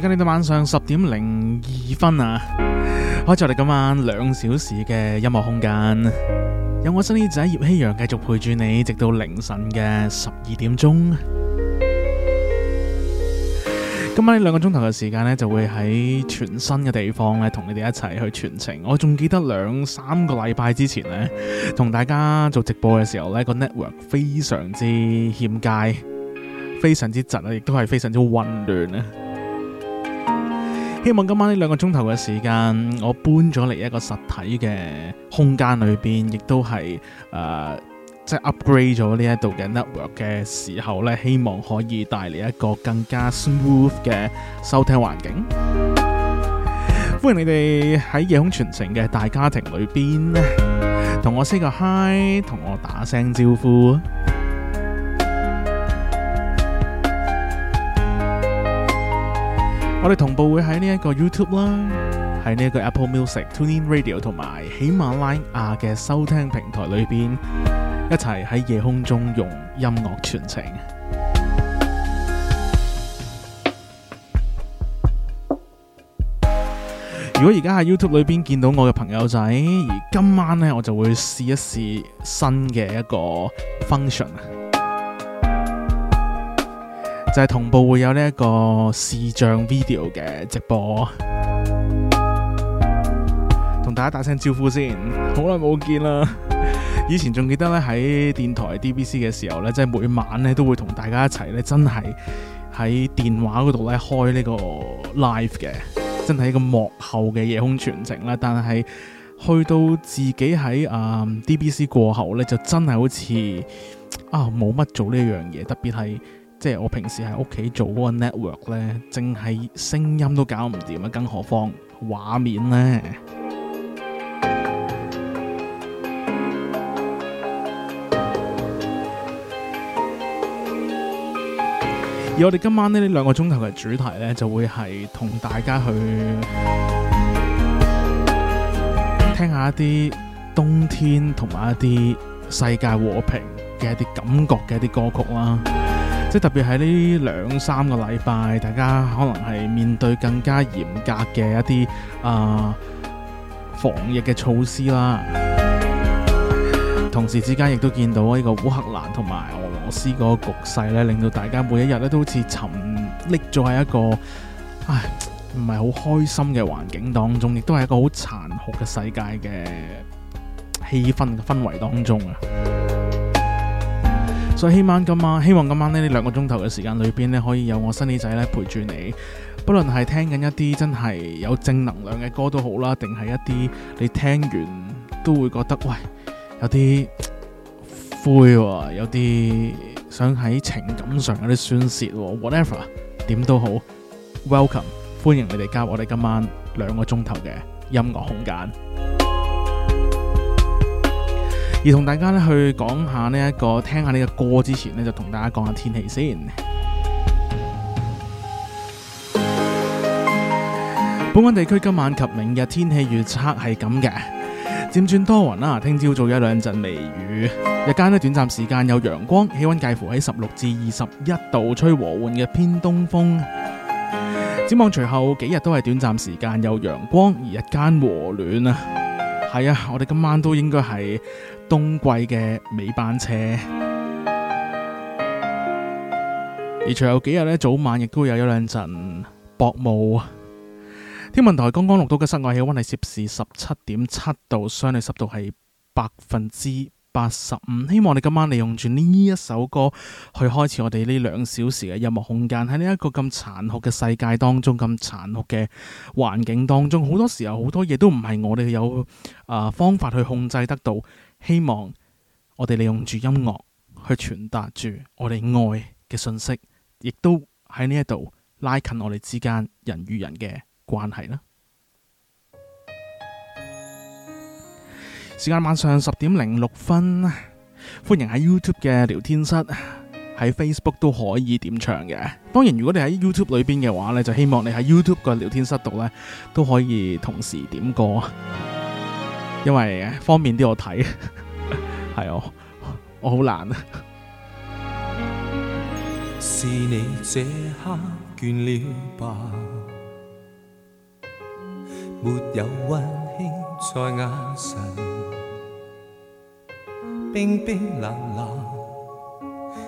而家呢度晚上十點零二分啊，開咗我哋今晚兩小時嘅音樂空間，有我 Sunny 仔葉希揚繼續陪住你，直到凌晨嘅十二點鐘。今晚呢兩個鐘頭嘅時間呢，就會喺全新嘅地方咧，同你哋一齊去傳情。我仲記得兩三個禮拜之前呢，同大家做直播嘅時候呢，個 network 非常之欠佳，非常之窒啊，亦都係非常之混亂啊。希望今晚呢兩個鐘頭嘅時間，我搬咗嚟一個實體嘅空間裏邊，亦都係誒，即、呃、係、就是、upgrade 咗呢一度嘅 network 嘅時候呢，希望可以帶嚟一個更加 smooth 嘅收聽環境。歡迎你哋喺夜空傳情嘅大家庭裏邊呢，同我 say 個 hi，同我打聲招呼。我哋同步會喺呢一個 YouTube 啦，喺呢個 Apple Music、TuneIn Radio 同埋喜馬拉雅嘅收聽平台裏邊，一齊喺夜空中用音樂傳情。如果而家喺 YouTube 裏邊見到我嘅朋友仔，而今晚呢，我就會試一試新嘅一個 function。就係、是，同步會有呢一個視像 video 嘅直播，同大家打聲招呼先，好耐冇見啦！以前仲記得咧喺電台 DBC 嘅時候咧，即係每晚咧都會同大家一齊咧，真係喺電話嗰度咧開呢個 live 嘅，真係一個幕後嘅夜空傳情啦。但係去到自己喺啊 DBC 過後咧，就真係好似啊冇乜做呢樣嘢，特別係。即係我平時喺屋企做嗰個 network 呢，淨係聲音都搞唔掂啊，更何況畫面呢？ 而我哋今晚咧呢兩個鐘頭嘅主題呢，就會係同大家去聽一下一啲冬天同埋一啲世界和平嘅一啲感覺嘅一啲歌曲啦。即特別喺呢兩三個禮拜，大家可能係面對更加嚴格嘅一啲啊、呃、防疫嘅措施啦。同時之間亦都見到呢個烏克蘭同埋俄羅斯個局勢咧，令到大家每一日咧都好似沉溺咗喺一個唉，唔係好開心嘅環境當中，亦都係一個好殘酷嘅世界嘅氣氛氛圍當中啊。所以希望今晚，希望今晚呢呢兩個鐘頭嘅時間裏邊呢可以有我 Sunny 仔咧陪住你，不論係聽緊一啲真係有正能量嘅歌都好啦，定係一啲你聽完都會覺得喂，有啲灰喎，哦，有啲想喺情感上有啲宣泄，哦、whatever，點都好，welcome 歡迎你哋加入我哋今晚兩個鐘頭嘅音樂空間。而同大家呢去講下呢、這個、一個聽下呢個歌之前呢就同大家講下天氣先。本港地區今晚及、啊、明日天氣預測係咁嘅，漸轉多雲啦。聽朝早有兩陣微雨，日間呢短暫時間有陽光，氣溫介乎喺十六至二十一度，吹和緩嘅偏東風。展望隨後幾日都係短暫時間有陽光，而日間和暖啊。係啊，我哋今晚都應該係。冬季嘅尾班車，而隨後幾日呢，早晚亦都有一兩陣薄霧。天文台剛剛錄到嘅室外氣溫係攝氏十七點七度，相對濕度係百分之八十五。希望你今晚利用住呢一首歌去開始我哋呢兩小時嘅音樂空間。喺呢一個咁殘酷嘅世界當中，咁殘酷嘅環境當中，好多時候好多嘢都唔係我哋有啊、呃、方法去控制得到。希望我哋利用住音樂去傳達住我哋愛嘅信息，亦都喺呢一度拉近我哋之間人與人嘅關係啦。時間晚上十點零六分，歡迎喺 YouTube 嘅聊天室，喺 Facebook 都可以點唱嘅。當然，如果你喺 YouTube 裏邊嘅話咧，就希望你喺 YouTube 個聊天室度咧都可以同時點歌。因為方便啲我睇， 係我我好懶啊！是你這刻倦了吧？沒有溫馨在眼神，冰冰冷冷，冷。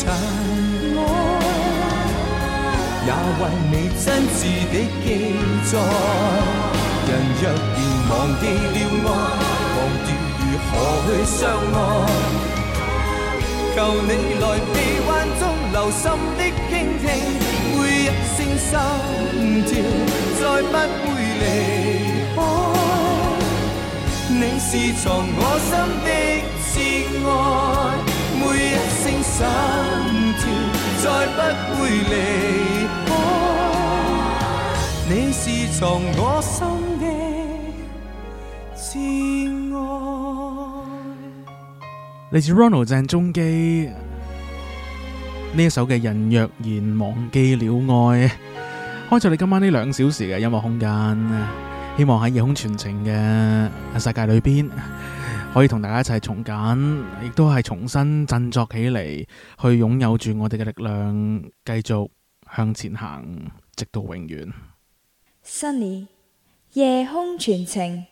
塵埃也為你真摯的記載。人若然忘記了愛，忘掉如何去相愛。求你來臂彎中留心的傾聽，每一聲心跳，再不會離開。你是藏我心的至愛。每一聲心跳，再不會離開。你是從我心嘅至愛，來自 Ronald 鄭中基呢一首嘅《人若然忘記了愛》，開咗你今晚呢兩小時嘅音樂空間，希望喺夜空傳情嘅世界裏邊。可以同大家一齊重揀，亦都係重新振作起嚟，去擁有住我哋嘅力量，繼續向前行，直到永遠。Sunny 夜空傳情，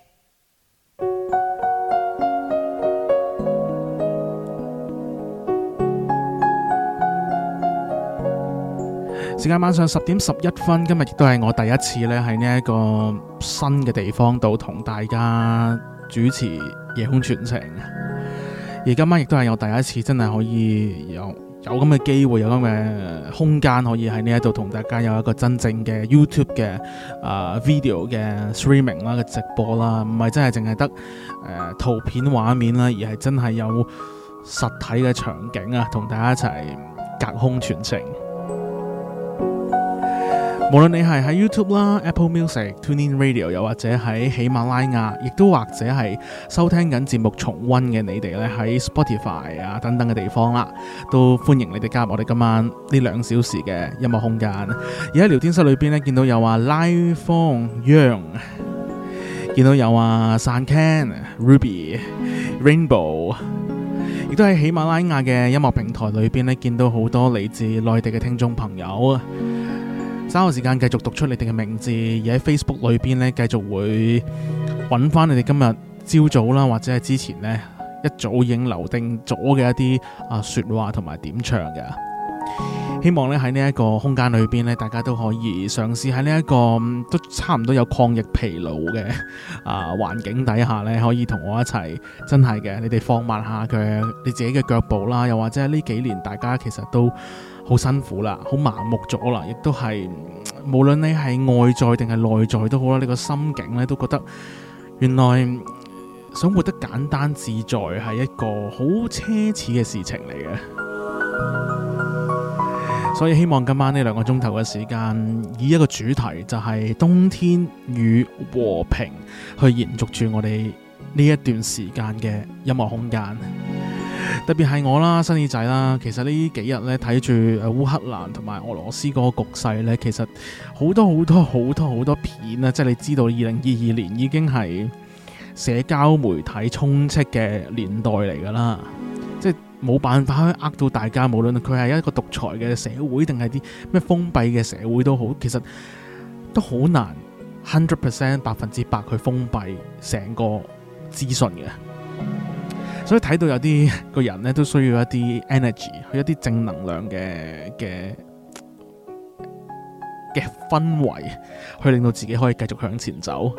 時間晚上十點十一分。今日亦都係我第一次呢喺呢一個新嘅地方度同大家，主持夜空傳情，而今晚亦都係我第一次真係可以有有咁嘅機會，有咁嘅空間，可以喺呢一度同大家有一個真正嘅 YouTube 嘅啊、呃、video 嘅 streaming 啦嘅直播啦，唔係真係淨係得誒圖片畫面啦，而係真係有實體嘅場景啊，同大家一齊隔空傳情。無論你係喺 YouTube 啦、Apple Music、TuneIn Radio，又或者喺喜馬拉雅，亦都或者係收聽緊節目重溫嘅你哋咧，喺 Spotify 啊等等嘅地方啦，都歡迎你哋加入我哋今晚呢兩小時嘅音樂空間。而喺聊天室裏邊呢，見到有話 Live Phone Young，見到有話 San Ken Ruby Rainbow，亦都喺喜馬拉雅嘅音樂平台裏邊呢，見到好多嚟自內地嘅聽眾朋友啊。三個時間繼續讀出你哋嘅名字，而喺 Facebook 裏邊咧，繼續會揾翻你哋今日朝早啦，或者係之前呢一早已經留定咗嘅一啲啊說話同埋點唱嘅。希望咧喺呢一個空間裏邊呢，大家都可以嘗試喺呢一個、嗯、都差唔多有抗疫疲勞嘅啊環境底下呢，可以同我一齊，真係嘅，你哋放慢下佢你自己嘅腳步啦，又或者喺呢幾年大家其實都。好辛苦啦，好麻木咗啦，亦都係無論你係外在定係內在都好啦，你個心境咧都覺得原來想活得簡單自在係一個好奢侈嘅事情嚟嘅。所以希望今晚呢兩個鐘頭嘅時間，以一個主題就係冬天與和平，去延續住我哋呢一段時間嘅音樂空間。特別係我啦，新耳仔啦，其實呢幾日咧睇住誒烏克蘭同埋俄羅斯個局勢咧，其實好多好多好多好多片啊。即係你知道二零二二年已經係社交媒體充斥嘅年代嚟㗎啦，即係冇辦法去呃到大家，無論佢係一個獨裁嘅社會定係啲咩封閉嘅社會都好，其實都好難 hundred percent 百分之百去封閉成個資訊嘅。所以睇到有啲個人呢都需要一啲 energy，去一啲正能量嘅嘅嘅氛圍，去令到自己可以繼續向前走。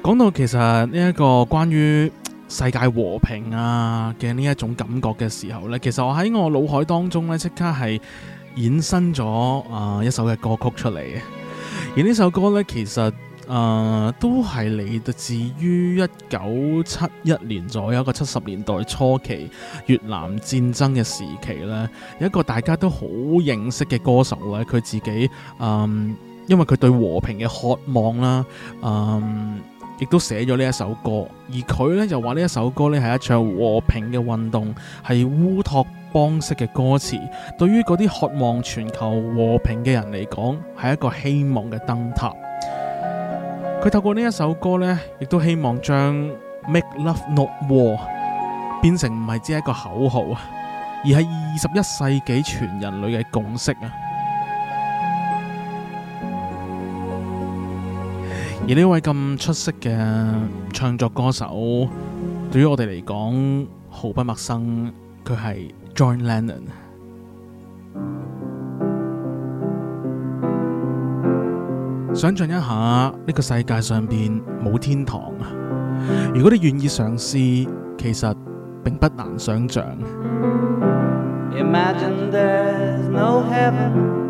講 到其實呢一個關於世界和平啊嘅呢一種感覺嘅時候呢，其實我喺我腦海當中呢，即刻係衍生咗啊、呃、一首嘅歌曲出嚟嘅。而呢首歌呢，其實啊、呃、都係嚟自於一九七一年左右一個七十年代初期越南戰爭嘅時期咧，有一個大家都好認識嘅歌手咧，佢自己嗯，因為佢對和平嘅渴望啦，嗯。亦都寫咗呢一首歌，而佢呢就話呢一首歌呢係一場和平嘅運動，係烏托邦式嘅歌詞。對於嗰啲渴望全球和平嘅人嚟講，係一個希望嘅燈塔。佢透過呢一首歌呢，亦都希望將 Make Love Not War 變成唔係只係一個口號啊，而係二十一世紀全人類嘅共識啊！而呢位咁出色嘅唱作歌手，對於我哋嚟講毫不陌生。佢係 John Lennon。想象一下呢個世界上邊冇天堂，如果你願意嘗試，其實並不難想象。Imagine there's no heaven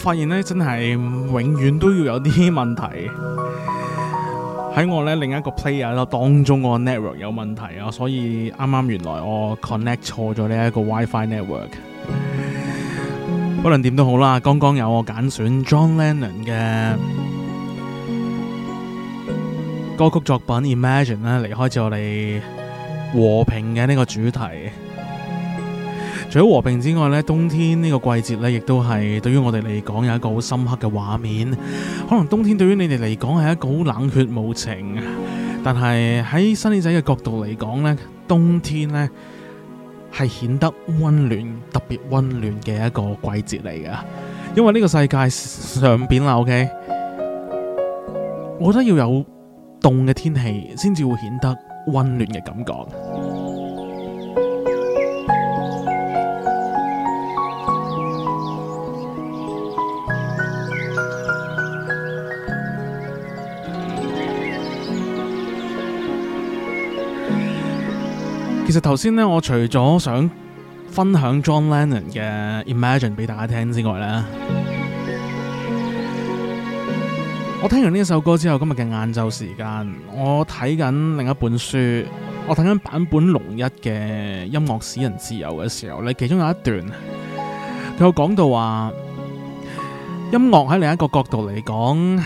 我發現咧，真係永遠都要有啲問題喺我咧，另一個 player 咯，當中個 network 有問題啊，所以啱啱原來我 connect 錯咗呢一個 WiFi network。不論點都好啦，剛剛有我揀選 John Lennon 嘅歌曲作品《Imagine》咧，離開咗我哋和平嘅呢個主題。除咗和平之外咧，冬天呢個季節咧，亦都係對於我哋嚟講有一個好深刻嘅畫面。可能冬天對於你哋嚟講係一個好冷血無情，但係喺新年仔嘅角度嚟講咧，冬天咧係顯得温暖，特別温暖嘅一個季節嚟噶。因為呢個世界上邊啦，OK，我覺得要有凍嘅天氣，先至會顯得温暖嘅感覺。其實頭先呢，我除咗想分享 John Lennon 嘅《Imagine》俾大家聽之外呢，我聽完呢首歌之後，今日嘅晏晝時間，我睇緊另一本書，我睇緊坂本龍一嘅《音樂使人自由》嘅時候，其中有一段，佢有講到話，音樂喺另一個角度嚟講，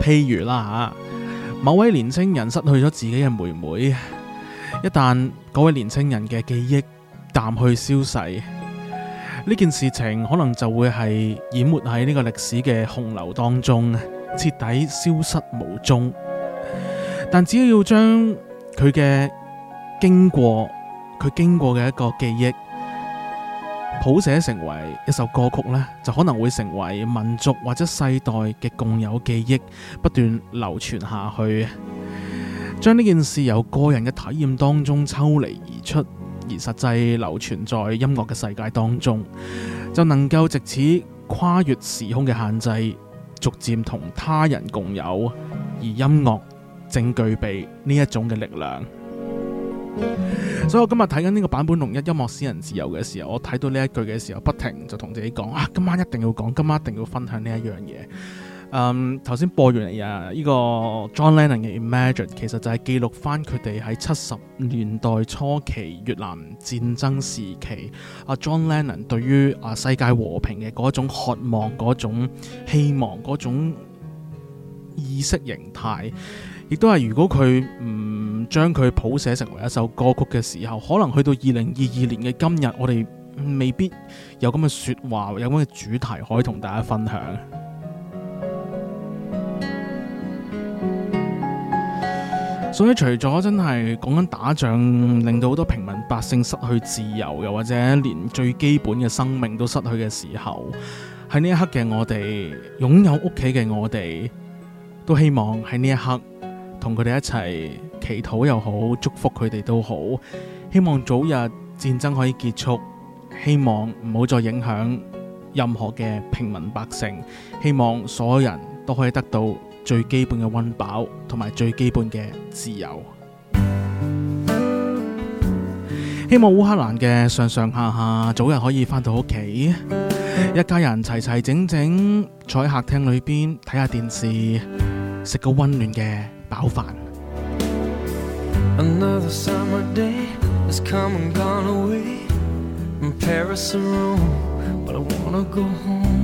譬如啦吓，某位年青人失去咗自己嘅妹妹。一旦嗰位年青人嘅記憶淡去消逝，呢件事情可能就會係淹沒喺呢個歷史嘅洪流當中，徹底消失無蹤。但只要將佢嘅經過，佢經過嘅一個記憶，譜寫成為一首歌曲呢，就可能會成為民族或者世代嘅共有記憶，不斷流傳下去。將呢件事由個人嘅體驗當中抽離而出，而實際留存在音樂嘅世界當中，就能夠借此跨越時空嘅限制，逐漸同他人共有。而音樂正具備呢一種嘅力量。 所以我今日睇緊呢個版本《龍一：音樂使人自由》嘅時候，我睇到呢一句嘅時候，我不停就同自己講：啊，今晚一定要講，今晚一定要分享呢一樣嘢。嗯，頭先播完啊，呢個 John Lennon 嘅 Imagine 其實就係記錄翻佢哋喺七十年代初期越南戰爭時期啊，John Lennon 對於啊世界和平嘅嗰種渴望，嗰種希望，嗰種意識形態，亦都係如果佢唔將佢譜寫成為一首歌曲嘅時候，可能去到二零二二年嘅今日，我哋未必有咁嘅說話，有咁嘅主題可以同大家分享。所以除咗真係講緊打仗，令到好多平民百姓失去自由，又或者連最基本嘅生命都失去嘅時候，喺呢一刻嘅我哋，擁有屋企嘅我哋，都希望喺呢一刻同佢哋一齊祈禱又好，祝福佢哋都好，希望早日戰爭可以結束，希望唔好再影響任何嘅平民百姓，希望所有人都可以得到最基本嘅溫飽同埋最基本嘅自由，希望烏克蘭嘅上上下下早日可以返到屋企，一家人齊齊整整坐喺客廳裏邊睇下電視，食個溫暖嘅飽飯。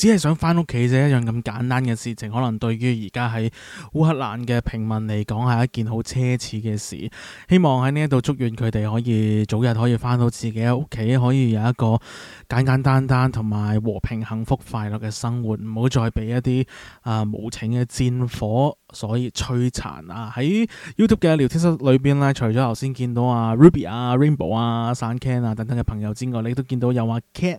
只係想翻屋企啫，一樣咁簡單嘅事情，可能對於而家喺烏克蘭嘅平民嚟講係一件好奢侈嘅事。希望喺呢一度，祝願佢哋可以早日可以翻到自己嘅屋企，可以有一個簡簡單單同埋和平、幸福、快樂嘅生活，唔好再俾一啲啊、呃、無情嘅戰火所以摧殘啊！喺 YouTube 嘅聊天室裏面呢，除咗頭先見到啊 Ruby 啊 Rainbow 啊 San Ken 啊等等嘅朋友之外，你都見到有啊 Cat。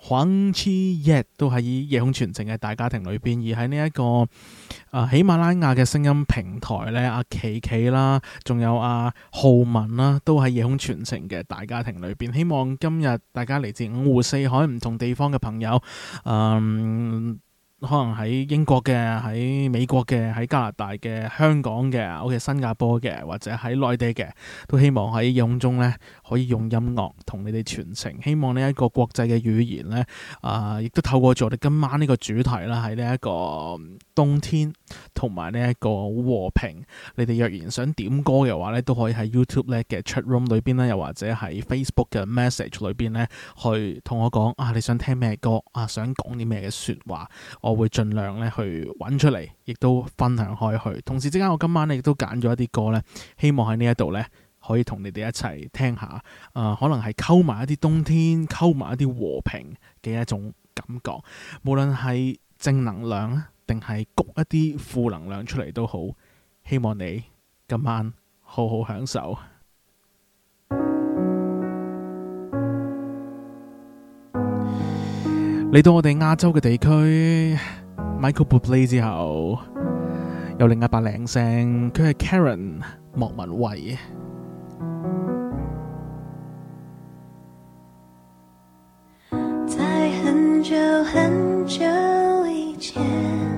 黃之逸都喺夜空傳情嘅大家庭裏邊，而喺呢一個啊喜馬拉雅嘅聲音平台咧，阿、啊、琪琪啦，仲有阿、啊、浩文啦，都喺夜空傳情嘅大家庭裏邊。希望今日大家嚟自五湖四海唔同地方嘅朋友，嗯。可能喺英國嘅、喺美國嘅、喺加拿大嘅、香港嘅、我嘅新加坡嘅，或者喺內地嘅，都希望喺音中咧可以用音樂同你哋傳情。希望呢一個國際嘅語言咧，啊、呃，亦都透過咗我哋今晚呢個主題啦，喺呢一個冬天同埋呢一個和平。你哋若然想點歌嘅話咧，都可以喺 YouTube 咧嘅 Chat Room 裏邊咧，又或者喺 Facebook 嘅 Message 裏邊咧，去同我講啊，你想聽咩歌啊，想講啲咩嘅説話。我會盡量咧去揾出嚟，亦都分享開去。同時之間，我今晚咧亦都揀咗一啲歌咧，希望喺呢一度咧可以同你哋一齊聽下。誒、呃，可能係溝埋一啲冬天，溝埋一啲和平嘅一種感覺。無論係正能量定係谷一啲負能量出嚟都好。希望你今晚好好享受。嚟到我哋亞洲嘅地區，Michael Buble 之後，有另一把靚聲，佢係 Karen 莫文蔚。在很久很久以前。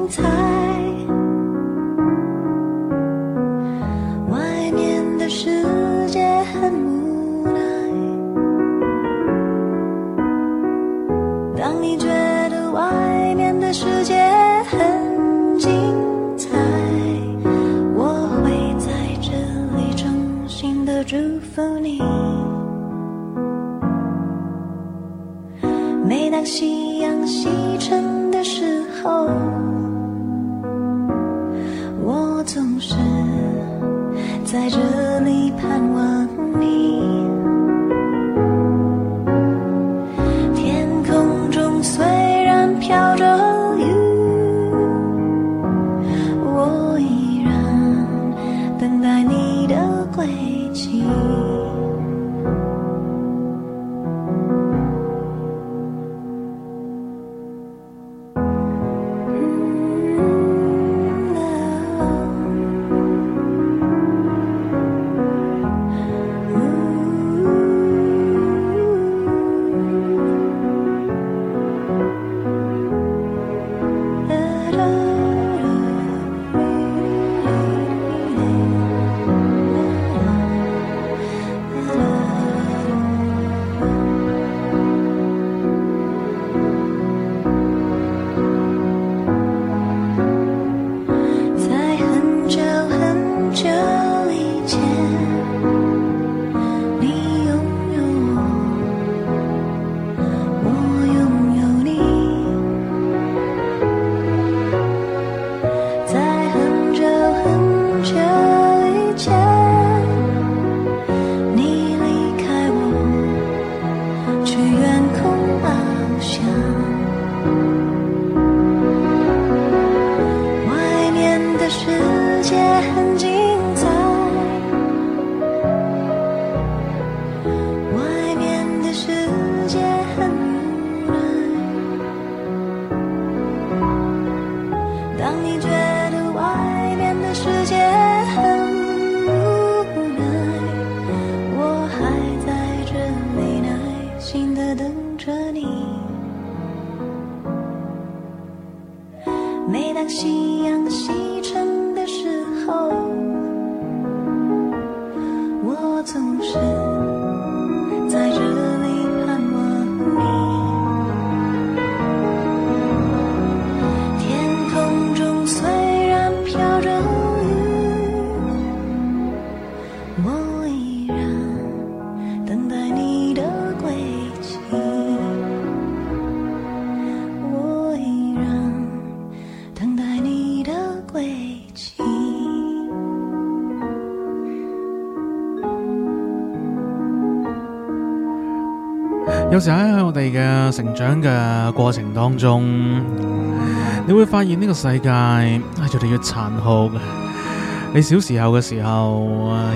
夕陽西沉的時候。這一切。你嘅成長嘅過程當中，你會發現呢個世界越嚟越殘酷。你小時候嘅時候，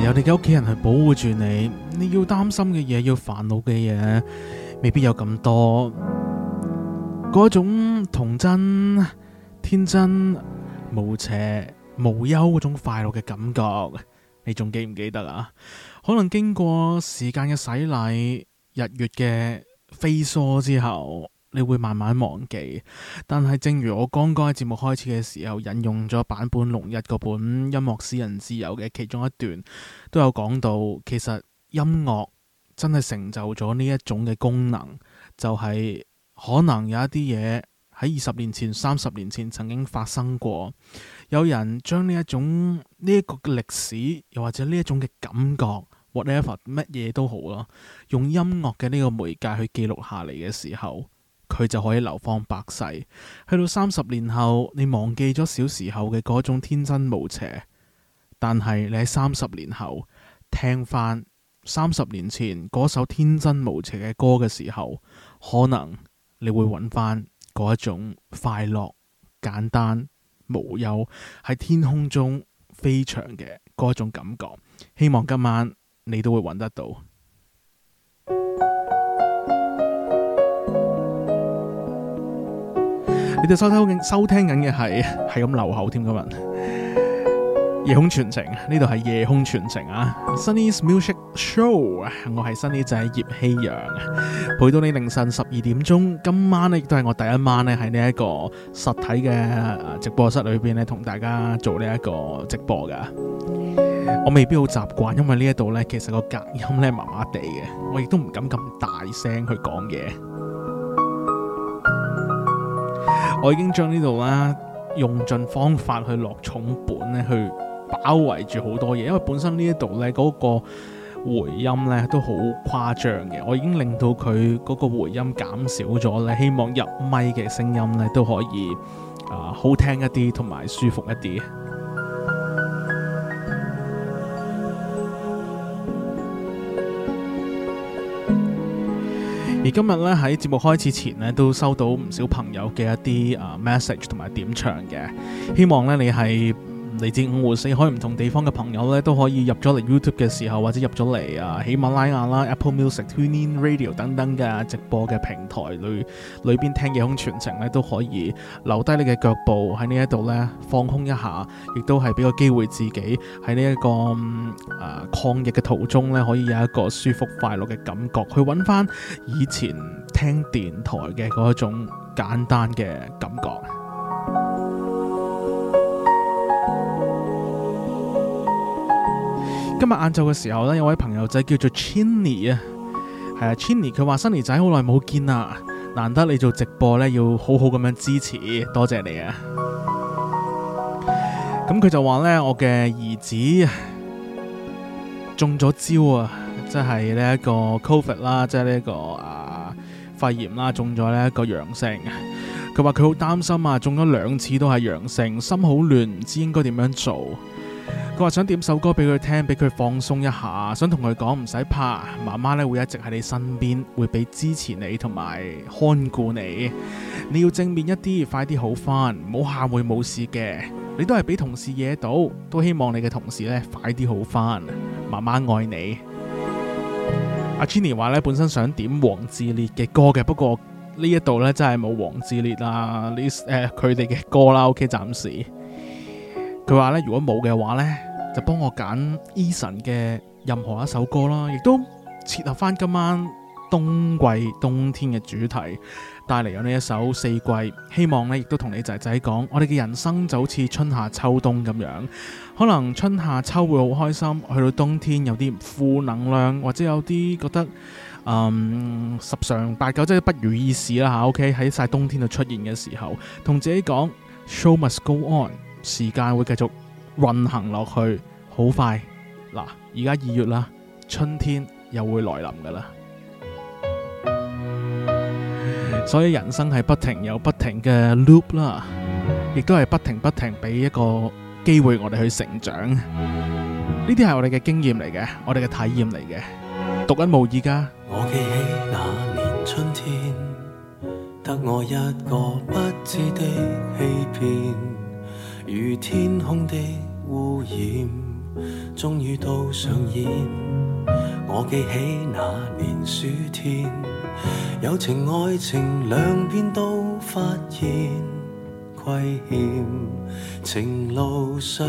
有你嘅屋企人去保護住你，你要擔心嘅嘢，要煩惱嘅嘢，未必有咁多。嗰種童真、天真、無邪、無憂嗰種快樂嘅感覺，你仲記唔記得啊？可能經過時間嘅洗禮，日月嘅。飛梭之後，你會慢慢忘記。但係，正如我剛剛喺節目開始嘅時候引用咗坂本龍一嗰本《音樂使人自由》嘅其中一段，都有講到，其實音樂真係成就咗呢一種嘅功能，就係、是、可能有一啲嘢喺二十年前、三十年前曾經發生過，有人將呢一種呢一個歷史，又或者呢一種嘅感覺。whatever 乜嘢都好啦，用音樂嘅呢個媒介去記錄下嚟嘅時候，佢就可以流芳百世。去到三十年後，你忘記咗小時候嘅嗰種天真無邪，但係你喺三十年後聽翻三十年前嗰首天真無邪嘅歌嘅時候，可能你會揾翻嗰一種快樂、簡單、無憂喺天空中飛翔嘅嗰種感覺。希望今晚，你都會揾得到。你哋收聽收聽緊嘅係係咁流口添，今日夜空傳情，呢度係夜空傳情啊。Sunny's Music Show，我係 Sunny 仔葉希陽，陪到你凌晨十二點鐘。今晚呢，亦都係我第一晚呢喺呢一個實體嘅直播室裏邊呢同大家做呢一個直播噶。我未必好習慣，因為呢一度咧，其實個隔音咧麻麻地嘅，我亦都唔敢咁大聲去講嘢。我已經將呢度啦，用盡方法去落重本咧，去包圍住好多嘢，因為本身呢一度咧，嗰個回音咧都好誇張嘅。我已經令到佢嗰個回音減少咗咧，希望入咪嘅聲音咧都可以啊、呃、好聽一啲，同埋舒服一啲。而今日咧喺節目開始前呢，都收到唔少朋友嘅一啲啊、uh, message 同埋點唱嘅，希望咧你係，嚟自五湖四海唔同地方嘅朋友咧，都可以入咗嚟 YouTube 嘅時候，或者入咗嚟啊喜馬拉雅啦、Apple Music、 TuneIn Radio 等等嘅直播嘅平台裏裏邊聽夜空傳情咧，都可以留低你嘅腳步喺呢一度咧放空一下，亦都係俾個機會自己喺呢一個啊、呃、抗疫嘅途中咧，可以有一個舒服快樂嘅感覺，去揾翻以前聽電台嘅嗰一種簡單嘅感覺。今日晏晝嘅時候呢，有位朋友仔叫做 Chinny 啊，係啊 Chinny，佢話，Sunny 仔好耐冇見啦，難得你做直播呢，要好好咁樣支持，多謝你啊！咁佢就話呢，我嘅兒子中咗招啊，即係呢一個 Covid 啦，這個，即係呢一個啊肺炎啦，中咗呢一個陽性。佢話佢好擔心啊，中咗兩次都係陽性，心好亂，唔知應該點樣做。佢話想點首歌俾佢聽，俾佢放鬆一下，想同佢講，唔使怕，媽媽咧會一直喺你身邊，會俾支持你同埋看顧你。你要正面一啲，快啲好翻，唔好喊，會冇事嘅。你都係俾同事惹到，都希望你嘅同事咧快啲好翻。媽媽愛你。阿 Jenny 話呢，本身想點王治烈嘅歌嘅，不過呢一度呢，真係冇王治烈啦，呢誒佢哋嘅歌啦，OK，暫時。佢話呢，如果冇嘅話呢，就幫我揀 Eason 嘅任何一首歌啦，亦都切合返今晚冬季冬天嘅主題，帶嚟咗呢一首《四季》。希望呢，亦都同你仔仔講，我哋嘅人生就好似春夏秋冬咁樣，可能春夏秋會好開心，去到冬天有啲負能量，或者有啲覺得嗯十常八九真係、即係、不如意事啦吓 OK，喺晒冬天嘅出現嘅時候，同自己講 Show must go on。時間會繼續運行落去，好快嗱！而家二月啦，春天又會來臨噶啦，所以人生係不停有不停嘅 loop 啦，亦都係不停不停俾一個機會我哋去成長。呢啲係我哋嘅經驗嚟嘅，我哋嘅體驗嚟嘅。獨一無二㗎。我記起那年春天，得我一個不知的欺騙。如天空的污染，終於都上演。我記起那年暑天，友情愛情兩邊都發現虧欠，情路上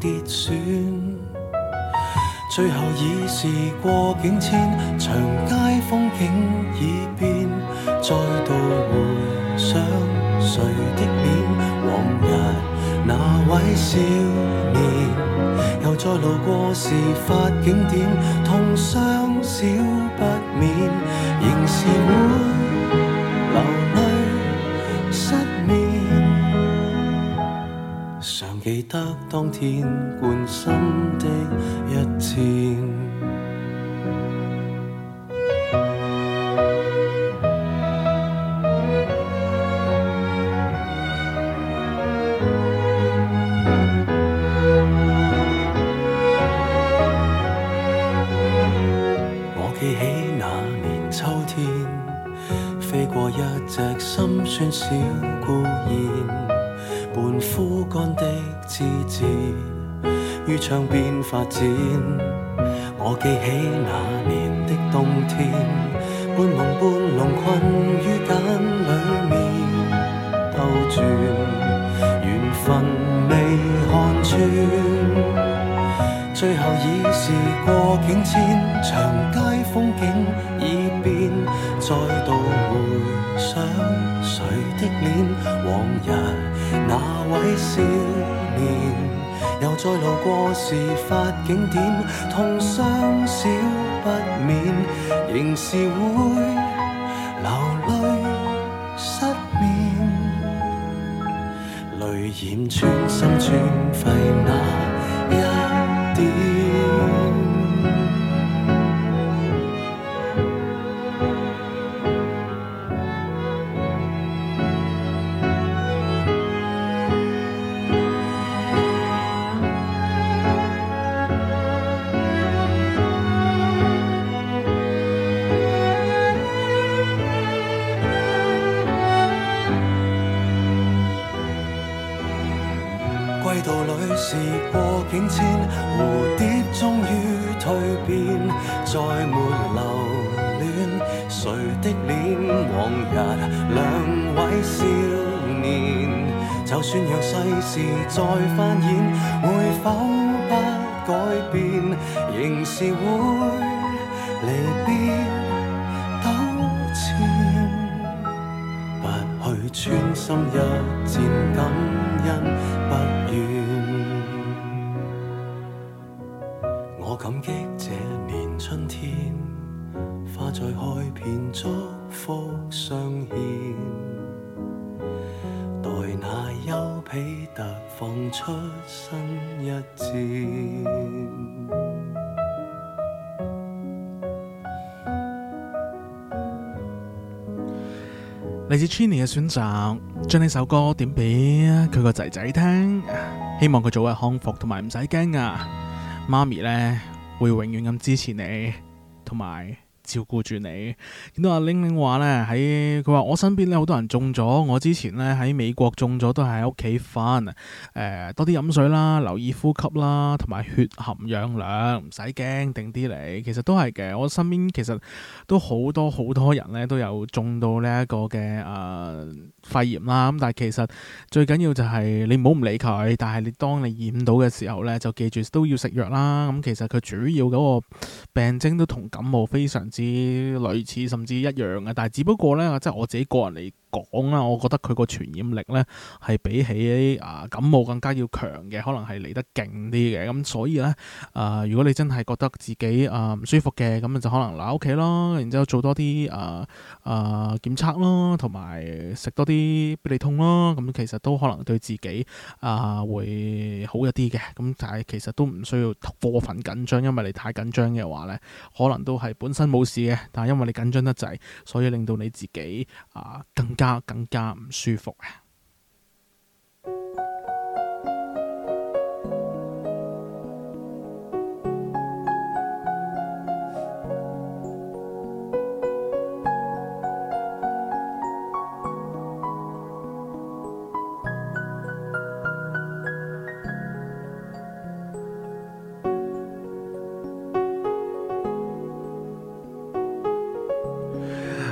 跌損，最後已是過境遷，長街風景已變，再度回想誰的臉，往日。那位少年又再路過事發景點，痛傷少不免，仍是會流淚失眠。常記得當天貫心的一箭。於窗邊發展，我記起那年的冬天，半朦半朧困於繭裏面兜轉，緣分未看穿，最後已是過境遷，長街風景已變，再度回想誰的臉，往日那位少年。又再路過事發景點，痛傷少不免，仍是會。Chini 嘅選擇，將呢首歌點俾佢個仔仔聽，希望佢早日康復同埋唔使驚啊！媽咪呢，會永遠咁支持你同埋。照顧住你，見到阿、啊、玲玲話咧喺佢話我身邊咧好多人中咗，我之前咧喺美國中咗都係喺屋企瞓，誒、呃、多啲飲水啦，留意呼吸啦，同埋血含氧量，唔使驚定啲嚟。其實都係嘅。我身邊其實都好多好多人咧都有中到呢一個嘅誒、呃、肺炎啦，咁但係其實最緊要就係你唔好唔理佢，但係你當你染到嘅時候咧就記住都要食藥啦。咁、嗯、其實佢主要嗰個病徵都同感冒非常之似類似，類似甚至一樣嘅，但係只不過咧，即係我自己個人嚟。講啦，我覺得佢個傳染力咧係比起啊感冒更加要強嘅，可能係嚟得勁啲嘅。咁所以咧，啊、呃、如果你真係覺得自己啊唔、呃、舒服嘅，咁就可能留屋企咯，然之後做多啲啊啊檢測咯，同埋食多啲必理痛咯。咁其實都可能對自己啊、呃、會好一啲嘅。咁但係其實都唔需要過分緊張，因為你太緊張嘅話咧，可能都係本身冇事嘅，但係因為你緊張得滯，所以令到你自己啊、呃、更更加更加唔舒服啊！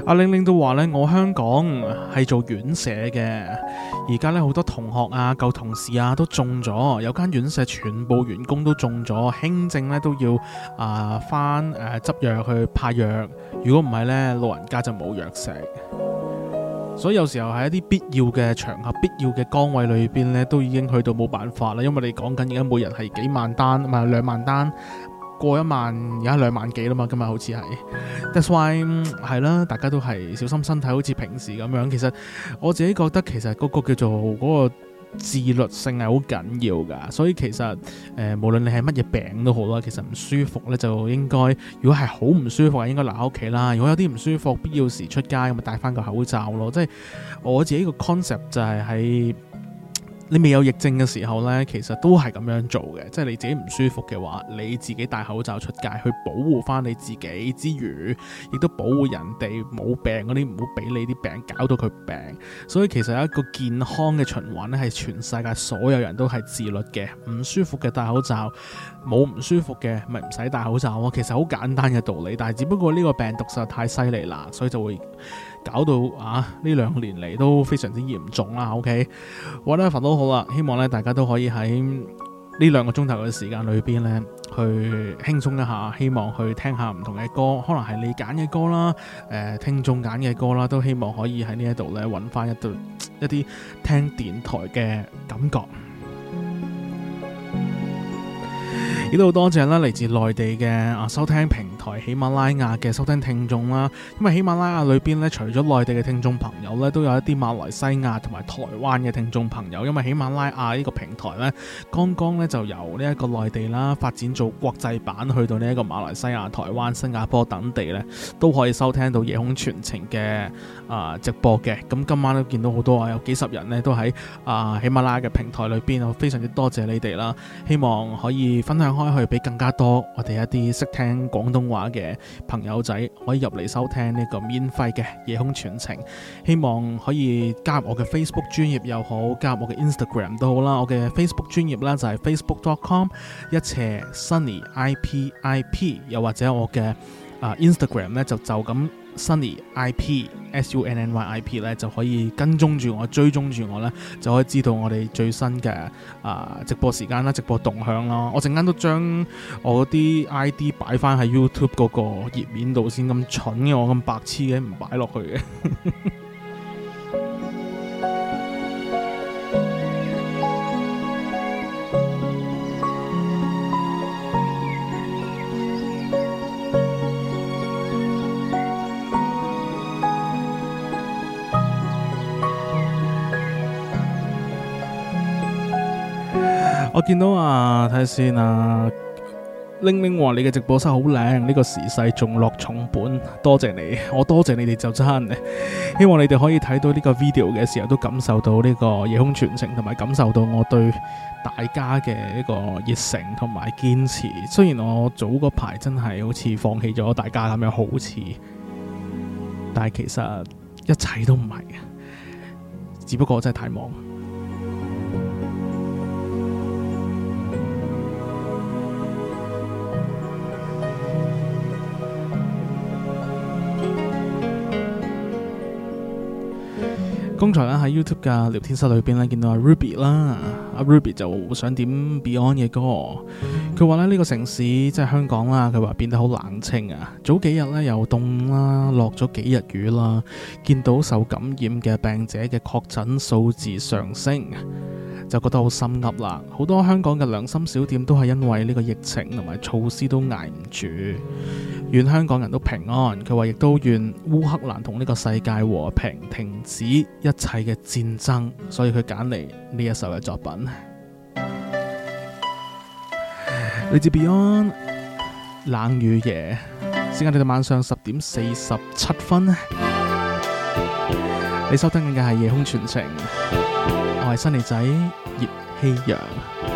阿玲玲都話咧，我香港係做院舍嘅，而家咧好多同學啊、舊同事啊都中咗，有間院舍全部員工都中咗，輕症咧都要啊翻誒執藥去派藥，如果唔係咧老人家就冇藥食。所以有時候喺一啲必要嘅場合、必要嘅崗位裏邊咧，都已經去到冇辦法啦，因為你講緊而家每日係幾萬單啊、呃，兩萬單。過一萬，而家兩萬幾啦嘛，今日好似係。That's why 係啦，大家都係小心身體，好似平時咁樣。其實我自己覺得，其實嗰個叫做嗰個自律性係好緊要㗎。所以其實誒、呃，無論你係乜嘢病都好啦，其實唔舒服咧，就應該如果係好唔舒服，應該留喺屋企啦。如果有啲唔舒服，必要時出街咁咪戴翻個口罩咯。即係我自己個 concept 就係喺。你未有疫症嘅時候呢，其實都係咁樣做嘅，即係你自己唔舒服嘅話，你自己戴口罩出街去保護翻你自己之餘，亦都保護人哋冇病嗰啲，唔好俾你啲病搞到佢病。所以其實一個健康嘅循環咧，係全世界所有人都係自律嘅，唔舒服嘅戴口罩，冇唔舒服嘅咪唔使戴口罩咯。其實好簡單嘅道理，但係只不過呢個病毒實在太犀利啦，所以就會。搞到啊！呢兩年嚟都非常之嚴重啦。OK，我咧凡都好啦，希望咧大家都可以喺呢兩個鐘頭嘅時間裏邊咧，去輕鬆一下，希望去聽下唔同嘅歌，可能係你揀嘅歌啦，誒聽眾揀嘅歌啦，都希望可以喺呢一度咧揾翻一對一啲聽電台嘅感覺。呢度多謝啦，嚟自內地嘅啊收聽平台喜馬拉雅嘅收聽聽眾啦，因為喜馬拉雅裏邊咧，除咗內地嘅聽眾朋友咧，都有一啲馬來西亞同埋台灣嘅聽眾朋友，因為喜馬拉雅呢個平台咧，剛剛咧就由呢一個內地啦發展做國際版，去到呢一個馬來西亞、台灣、新加坡等地咧，都可以收聽到夜空全程嘅啊直播嘅。咁今晚都見到好多啊，有幾十人咧都喺啊喜馬拉雅嘅平台裏邊，啊非常之多謝你哋啦，希望可以分享。可以俾更加多我哋一啲識聽廣東話嘅朋友仔可以入嚟收聽呢個免費嘅夜空傳情，希望可以加入我嘅 Facebook 專頁又好，加入我嘅 Instagram 都好啦。我嘅 Facebook 專頁啦，就係 facebook.com/ 一切 sunnyipip，又或者我嘅啊 Instagram 咧就就咁。Sunny IP S U N N Y IP 咧就可以跟蹤住我，追蹤住我咧，就可以知道我哋最新嘅啊、呃、直播時間啦、直播動向囉。我陣間都將我啲 ID 擺翻喺 YouTube 嗰個頁面度先。咁蠢嘅我的，咁白痴嘅唔擺落去嘅。 我見到啊，睇下先啊玲玲話你嘅直播室好靚，呢個時勢仲落重本，多謝你，我多謝你哋就真，希望你哋可以睇到呢個 video 嘅時候都感受到呢個夜空傳情，同埋感受到我對大家嘅一個熱誠同埋堅持。雖然我早嗰排真係好似放棄咗大家咁樣好似，但係其實一切都唔係。只不過我真係太忙。剛才咧喺 YouTube 嘅聊天室裏邊咧見到阿 Ruby 啦，阿 Ruby 就想點 Beyond 嘅歌。佢話咧呢個城市即係香港啦，佢話變得好冷清啊。早幾日咧又凍啦，落咗幾日雨啦，見到受感染嘅病者嘅確診數字上升。就覺得好心噏啦，好多香港嘅良心小店都係因為呢個疫情同埋措施都挨唔住。願香港人都平安，佢話亦都願烏克蘭同呢個世界和平，停止一切嘅戰爭。所以佢揀嚟呢一首嘅作品，嚟自 Beyond《冷雨夜》。時間你哋晚上十點四十七分，你收聽緊嘅係《夜空傳情》。我係新嚟仔葉希陽。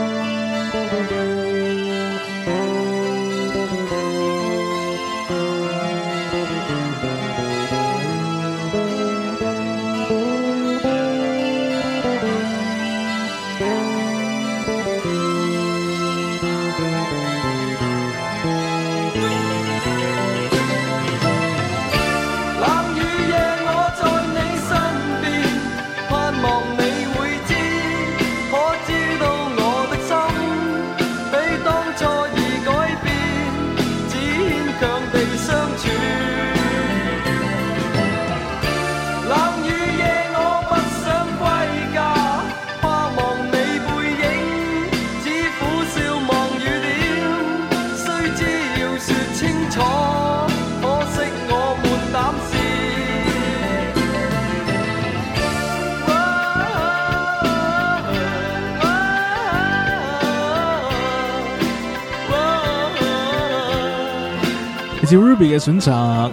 Ruby 嘅選擇，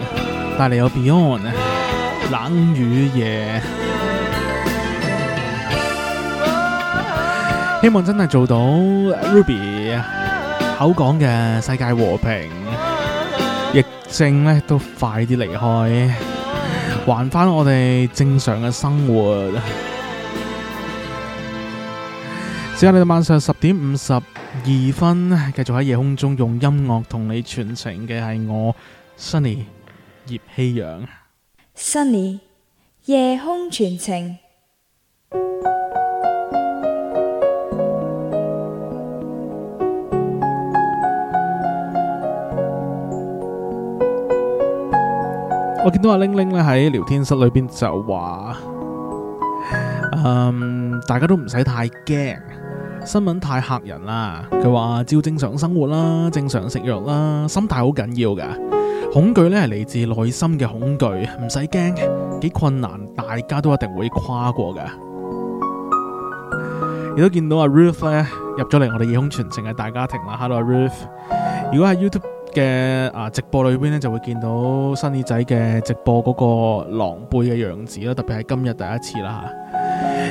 帶嚟有 Beyond《冷雨夜》，希望真係做到 Ruby 口講嘅世界和平，疫症咧都快啲離開，還返我哋正常嘅生活。而家你晚上十點五十二分，繼續喺夜空中用音樂同你傳情嘅係我。Sunny 葉希揚，Sunny 夜空傳情。我見到阿玲玲咧喺聊天室裏邊就話：嗯，大家都唔使太驚，新聞太嚇人啦。佢話照正常生活啦，正常食藥啦，心態好緊要噶。恐懼咧係嚟自內心嘅恐懼，唔使驚，幾困難，大家都一定會跨過嘅。亦都見到阿 Ruth 咧入咗嚟我哋夜空傳情嘅大家庭啦，hello 阿 Ruth。如果喺 YouTube 嘅啊直播裏邊咧，就會見到 Sunny 仔嘅直播嗰個狼狽嘅樣子啦，特別係今日第一次啦吓。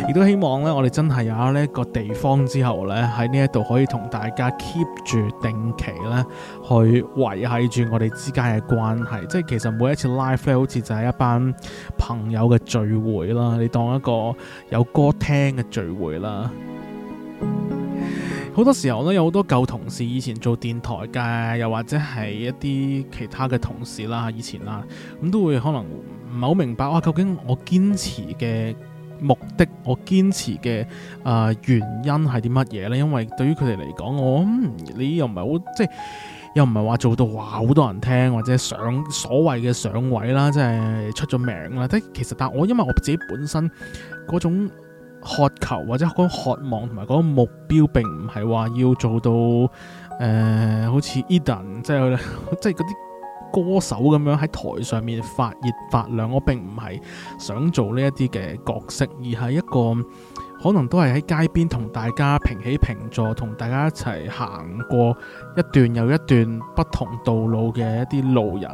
亦都希望咧，我哋真係有呢一個地方之後咧，喺呢一度可以同大家 keep 住定期咧去維繫住我哋之間嘅關係。即係其實每一次 live 咧，好似就係一班朋友嘅聚會啦，你當一個有歌聽嘅聚會啦。好多時候咧，有好多舊同事以前做電台嘅，又或者係一啲其他嘅同事啦，以前啦，咁都會可能唔係好明白，哇、啊，究竟我堅持嘅。目的我堅持嘅啊、呃、原因係啲乜嘢咧？因為對於佢哋嚟講，我諗、嗯、你又唔係好即係又唔係話做到話好多人聽或者上所謂嘅上位啦，即係出咗名啦。即係其實。但係我因為我自己本身嗰種渴求或者嗰種渴望同埋嗰個目標並唔係話要做到誒、呃、好似 Eden 即係即係嗰啲。那些歌手咁樣喺台上面發熱發亮，我並唔係想做呢一啲嘅角色，而係一個可能都係喺街邊同大家平起平坐，同大家一齊行過一段又一段不同道路嘅一啲路人。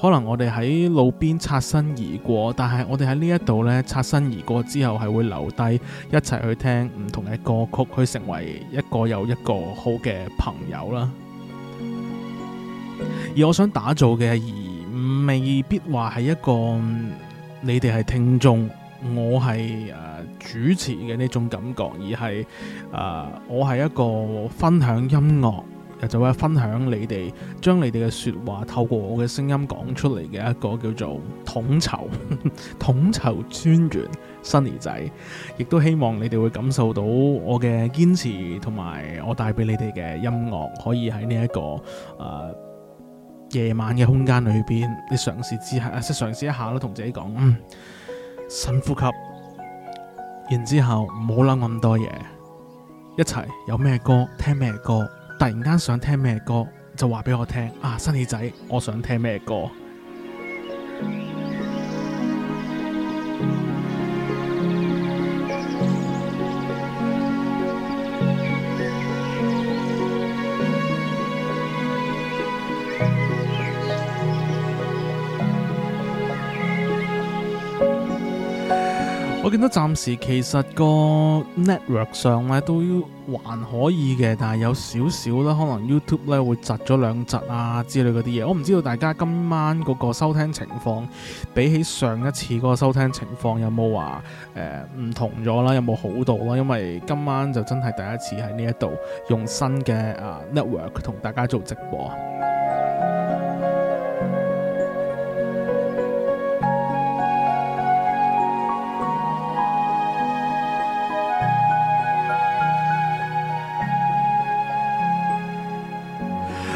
可能我哋喺路邊擦身而過，但係我哋喺呢一度呢擦身而過之後，係會留低一齊去聽唔同嘅歌曲，去成為一個又一個好嘅朋友啦。而我想打造嘅，而未必話係一個你哋係聽眾，我係誒、呃、主持嘅呢種感覺，而係誒、呃、我係一個分享音樂，就會分享你哋，將你哋嘅說話透過我嘅聲音講出嚟嘅一個叫做統籌、 統籌專員，Sunny 仔，亦都希望你哋會感受到我嘅堅持，同埋我帶俾你哋嘅音樂，可以喺呢一個誒。呃夜晚嘅空間裏邊，你嘗試之下，即係嘗試一下咯，同自己講，嗯，深呼吸，然之後唔好諗咁多嘢，一齊有咩歌聽咩歌，突然間想聽咩歌就話俾我聽啊，Sunny 仔，我想聽咩歌。我見到暫時其實個 network 上咧都還可以嘅，但係有少少啦，可能 YouTube 咧會窒咗兩窒，啊之類嗰啲嘢。我唔知道大家今晚嗰個收聽情況比起上一次嗰個收聽情況有冇話誒唔同咗啦，有冇好到啦？因為今晚就真係第一次喺呢一度用新嘅啊、呃、network 同大家做直播。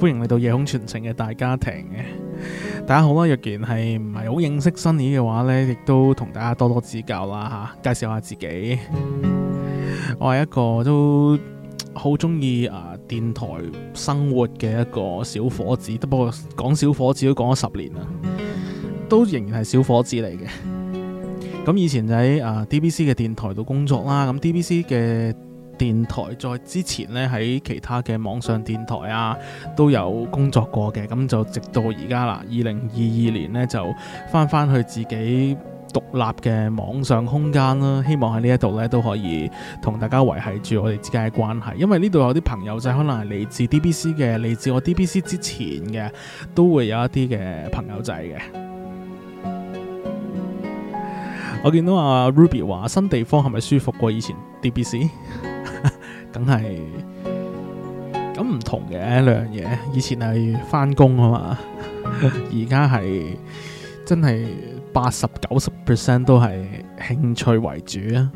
歡迎嚟到夜空傳情嘅大家庭，大家好啦！若然係唔係好認識 Sunny 嘅話呢，亦都同大家多多指教啦吓，介紹下自己。我係一個都好中意啊電台生活嘅一個小伙子，不過講小伙子都講咗十年啦，都仍然係小伙子嚟嘅。咁以前就喺啊 DBC 嘅電台度工作啦，咁 DBC 嘅。電台在之前呢，喺其他嘅網上電台啊都有工作過嘅，咁就直到而家啦。二零二二年呢，就返返去自己獨立嘅網上空間啦，希望喺呢一度呢，都可以同大家維繫住我哋之間嘅關係。因為呢度有啲朋友仔可能係嚟自 DBC 嘅，嚟自我 DBC 之前嘅，都會有一啲嘅朋友仔嘅。我見到阿 Ruby 話新地方係咪舒服過以前 DBC？梗係咁，唔同嘅兩樣嘢。以前係翻工啊嘛，而家係真係八十九十 percent 都係興趣為主啊。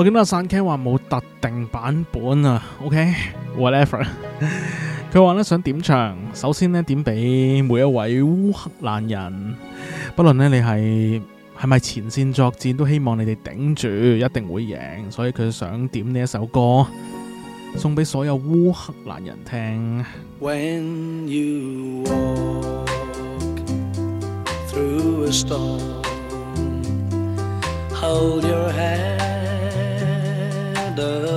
我見到阿散 K 話冇特定版本啊，OK，whatever。佢話呢，想點唱，首先呢點俾每一位烏克蘭人，不論呢你係係咪前線作戰，都希望你哋頂住，一定會贏。所以佢想點呢一首歌，送俾所有烏克蘭人聽。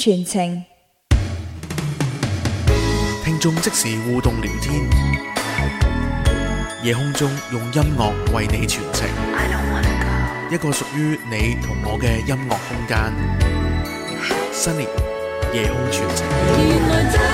全程，聽眾即時互動聊天，夜空中用音樂為你傳情，一個屬於你同我嘅音樂空間，Sunny，夜空傳情。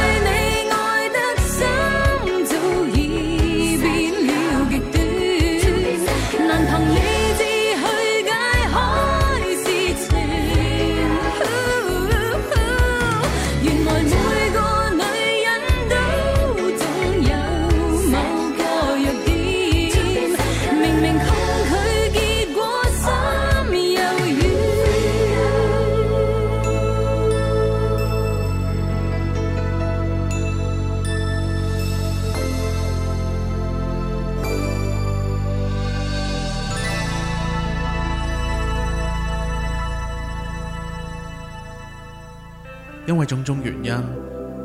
因為種種原因，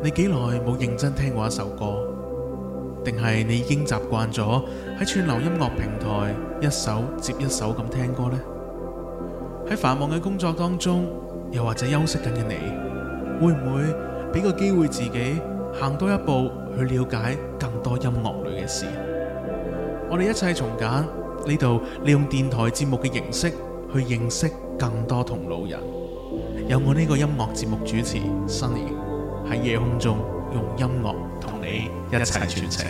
你幾耐冇認真聽過一首歌？定係你已經習慣咗喺串流音樂平台一首接一首咁聽歌呢？喺繁忙嘅工作當中，又或者休息緊嘅你，會唔會俾個機會自己行多一步去了解更多音樂裏嘅事？我哋一切從簡呢度，利用電台節目嘅形式去認識更多同路人。有我呢個音樂節目主持，Sunny 喺夜空中用音樂同你一齊傳情。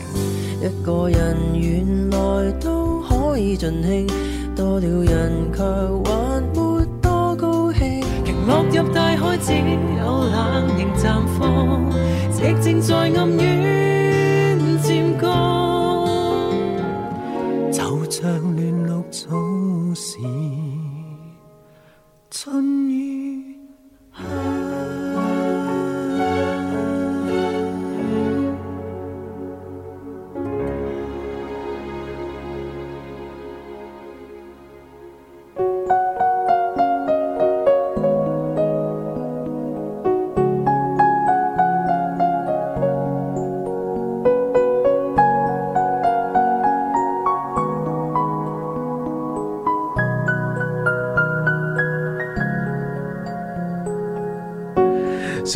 一個人原來都可以盡興，多了人卻還沒多高興。鯨落入大海，只有冷凝綻放，寂靜在暗處。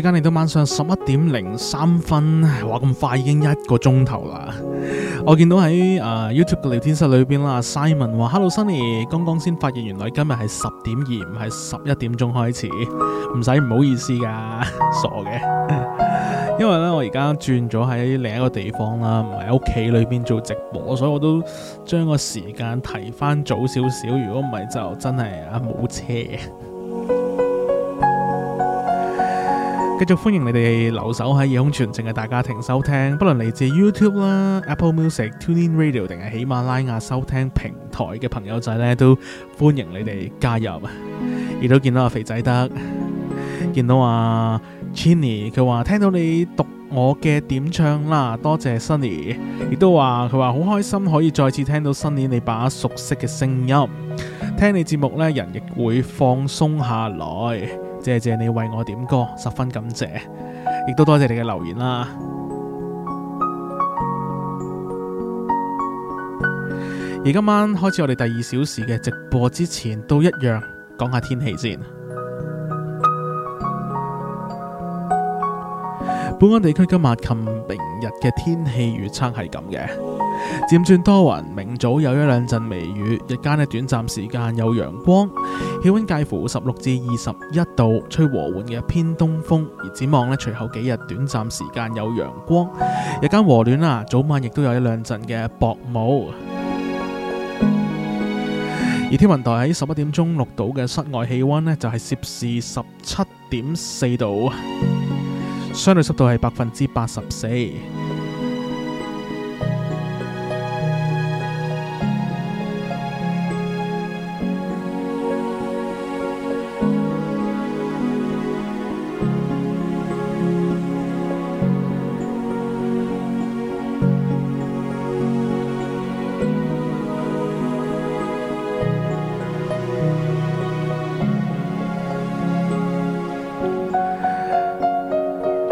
而家嚟到晚上十一點零三分，話咁快已經一個鐘頭啦。我見到喺誒、呃、YouTube 嘅聊天室裏邊啦，Simon 話：Hello Sunny，剛剛先發現原來今日係十點而唔係十一點鐘開始，唔使唔好意思噶， 傻嘅的。 因為咧，我而家轉咗喺另一個地方啦，唔係喺屋企裏邊做直播，所以我都將個時間提翻早少少。如果唔係，就真係啊冇車。繼續歡迎你哋留守喺夜空傳情嘅大家庭收聽，不論嚟自 YouTube 啦、Apple Music、TuneIn Radio 定係喜馬拉雅收聽平台嘅朋友仔咧，都歡迎你哋加入。亦都見到阿肥仔德，見到阿、啊、Chinny，佢話聽到你讀我嘅點唱啦，多謝 Sunny。亦都話佢話好開心可以再次聽到 Sunny 你把熟悉嘅聲音，聽你節目咧，人亦會放鬆下來。謝謝你為我點歌，十分感謝。亦都多謝你嘅留言啦。而今晚開始我哋第二小時嘅直播之前，都一樣講下天氣先。本港地區今日及明日嘅天氣預測係咁嘅，漸轉多雲，明早有一兩陣微雨，日間咧短暫時間有陽光，氣温介乎十六至二十一度，吹和緩嘅偏東風。而展望咧，隨後幾日短暫時間有陽光，日間和暖啦，早晚亦都有一兩陣嘅薄霧。而天文台喺十一點鐘錄到嘅室外氣温咧，就係攝氏十七點四度。相對濕度係百分之八十四。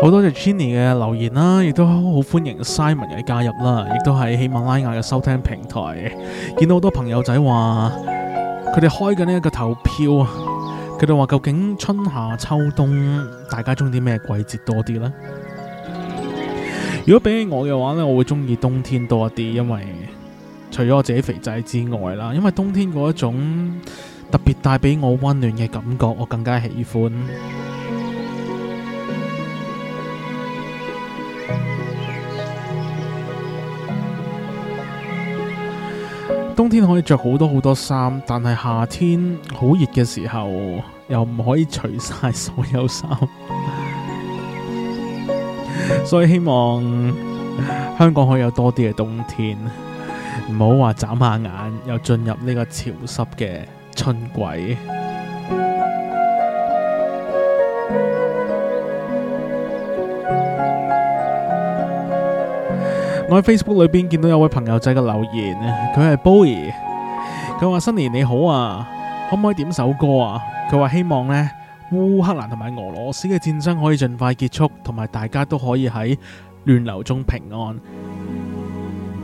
好多謝 Chinny 嘅留言啦，亦都好歡迎 Simon 嘅加入啦，亦都喺喜馬拉雅嘅收聽平台見到好多朋友仔話，佢哋開緊呢一個投票啊，佢哋話究竟春夏秋冬大家中意啲咩季節多啲呢？如果比起我嘅話呢，我會中意冬天多一啲，因為除咗我自己肥仔之外啦，因為冬天嗰一種特別帶俾我溫暖嘅感覺，我更加喜歡。冬天可以着好多好多衫，但係夏天好熱嘅時候又唔可以除晒所有衫， 所以希望香港可以有多啲嘅冬天，唔好話眨下眼又進入呢個潮濕嘅春季。我喺 Facebook 裏邊見到有位朋友仔嘅留言，佢係 Boey，佢話新年你好啊，可唔可以點首歌啊？佢話希望呢烏克蘭同埋俄羅斯嘅戰爭可以盡快結束，同埋大家都可以喺亂流中平安。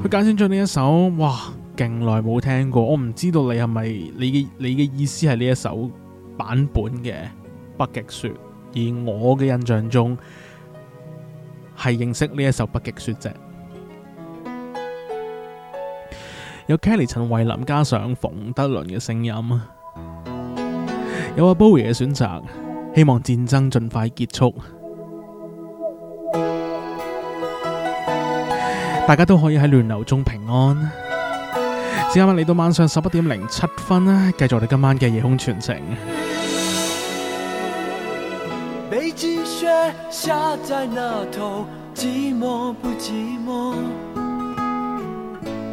佢揀選咗呢一首，哇，勁耐冇聽過，我唔知道你係咪你嘅你嘅意思係呢一首版本嘅《北極雪》，而我嘅印象中係認識呢一首《北極雪》啫。有 Kelly 陳慧琳加上馮德倫嘅聲音，有阿 Bowie 嘅選擇，希望戰爭盡快結束，大家都可以喺亂流中平安。先啱啱嚟到晚上十一點零七分啦，繼續我哋今晚嘅夜空傳情。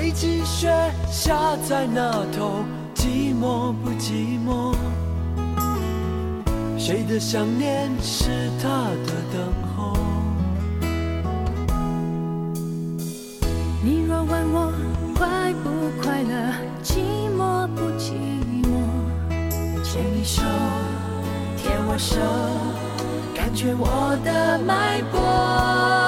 北極雪下在那頭，寂寞不寂寞？誰的想念是他的等候？你若問我快不快樂，寂寞不寂寞？牽你手，牽我手，感覺我的脈搏。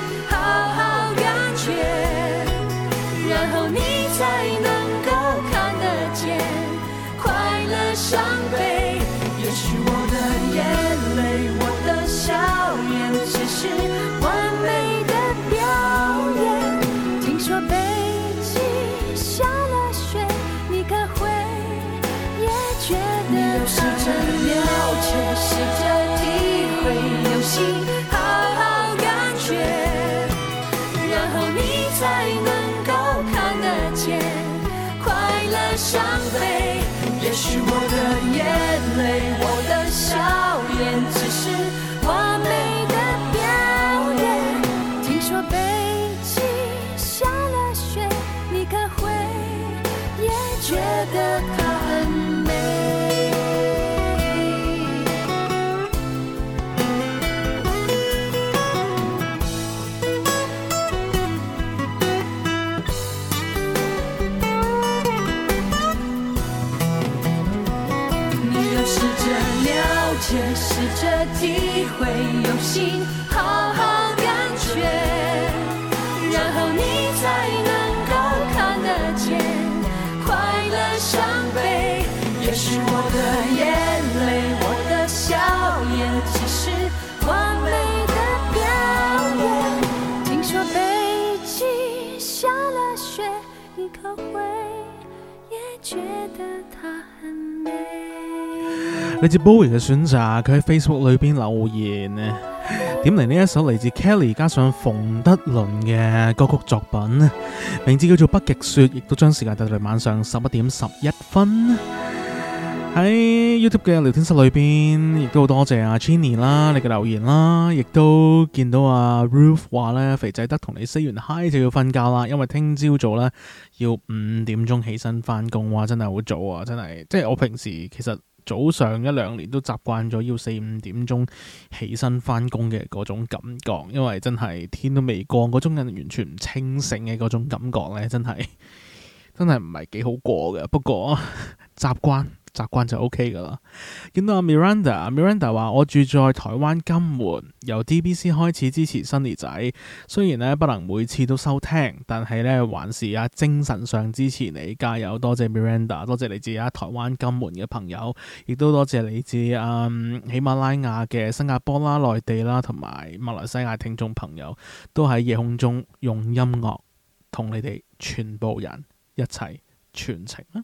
Boy 嘅選擇，佢喺 Facebook 裏邊留言啊，點嚟呢一首嚟自 Kelly 加上馮德倫嘅歌曲作品，名字叫做《北極雪》，亦都將時間帶到晚上十一點十一分。喺 YouTube 嘅聊天室裏邊，亦都好多謝阿、啊、Chinny 啦，你嘅留言啦，亦都見到阿、啊、Ruth 話肥仔得同你撕完 h i 就要瞓覺啦，因為聽朝早呢要五點鐘起身翻工，哇，真係好早啊，真係，即係我平時其實。早上一兩年都習慣咗要四五點鐘起身翻工嘅嗰種感覺，因為真係天都未光，嗰種人完全唔清醒嘅嗰種感覺咧，真係真係唔係幾好過嘅。不過呵呵習慣。習慣就 OK 噶啦。見到阿 Miranda, Miranda，Miranda 話：我住在台灣金門，由 DBC 開始支持 Sunny 仔。雖然咧不能每次都收聽，但係咧還是精神上支持你，加油！多謝 Miranda，多謝嚟自阿台灣金門嘅朋友，亦都多謝嚟自阿、嗯、喜馬拉雅嘅新加坡啦、內地啦同埋馬來西亞聽眾朋友，都喺夜空中用音樂同你哋全部人一齊傳情啦。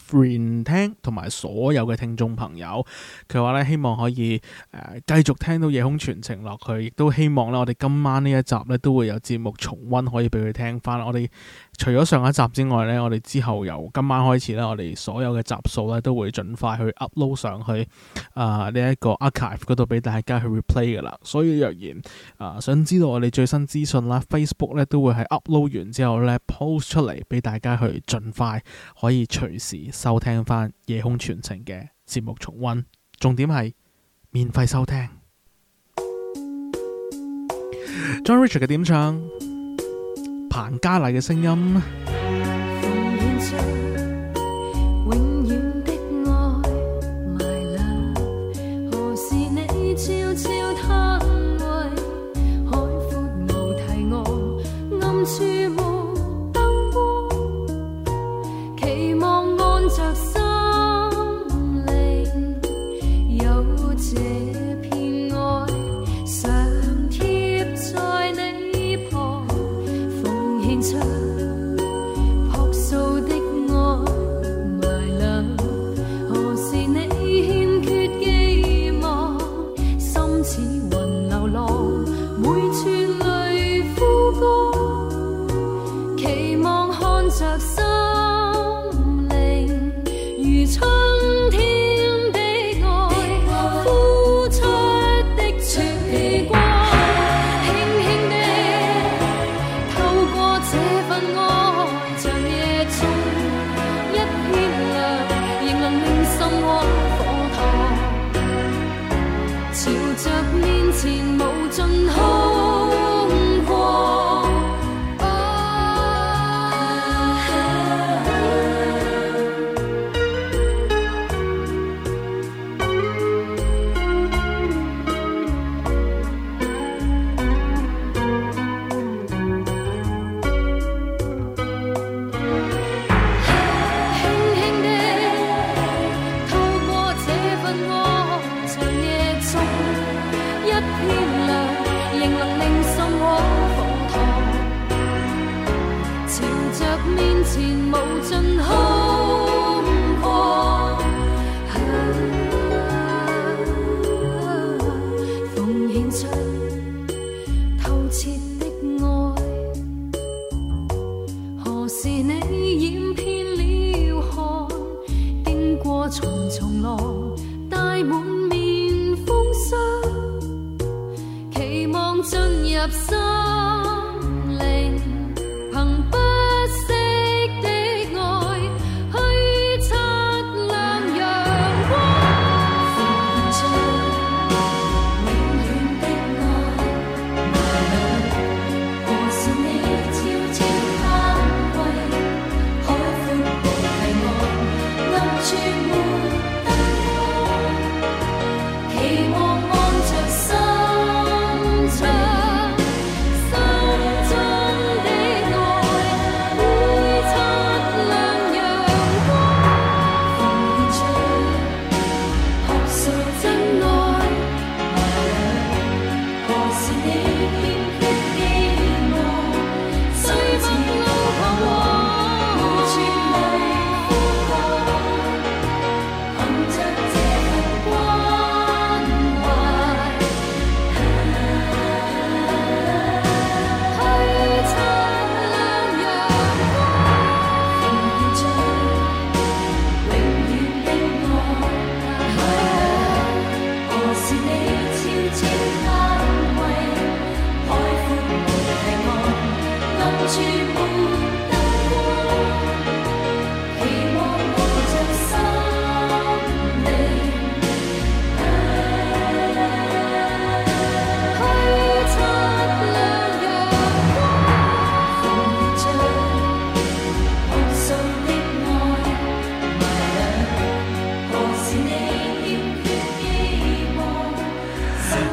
聽同埋所有嘅聽眾朋友，佢話咧希望可以誒、呃、繼續聽到夜空全程落去，亦都希望咧我哋今晚呢一集咧都會有節目重温可以俾佢聽翻。我哋除咗上一集之外咧，我哋之後由今晚開始咧，我哋所有嘅集數咧都會盡快去 upload 上去啊呢一個 archive 度俾大家去 replay 噶啦。所以若然啊、呃、想知道我哋最新資訊啦，Facebook 咧都會喺 upload 完之後咧 post 出嚟俾大家去盡快可以隨時。收聽翻《夜空傳情》嘅節目重溫，重點係免費收聽。John Richard 嘅點唱，彭家麗嘅聲音。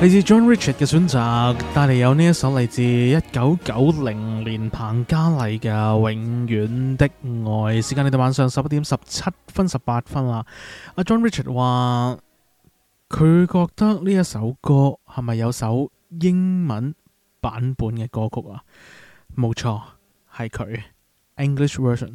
來自 John Richard 嘅選擇，帶嚟有呢一首嚟自一九九零年彭家麗嘅《永遠的愛》。時間嚟到晚上十一點十七分十八分啦。阿 John Richard 話，佢覺得呢一首歌係咪有首英文版本嘅歌曲啊？冇錯，係佢 English version。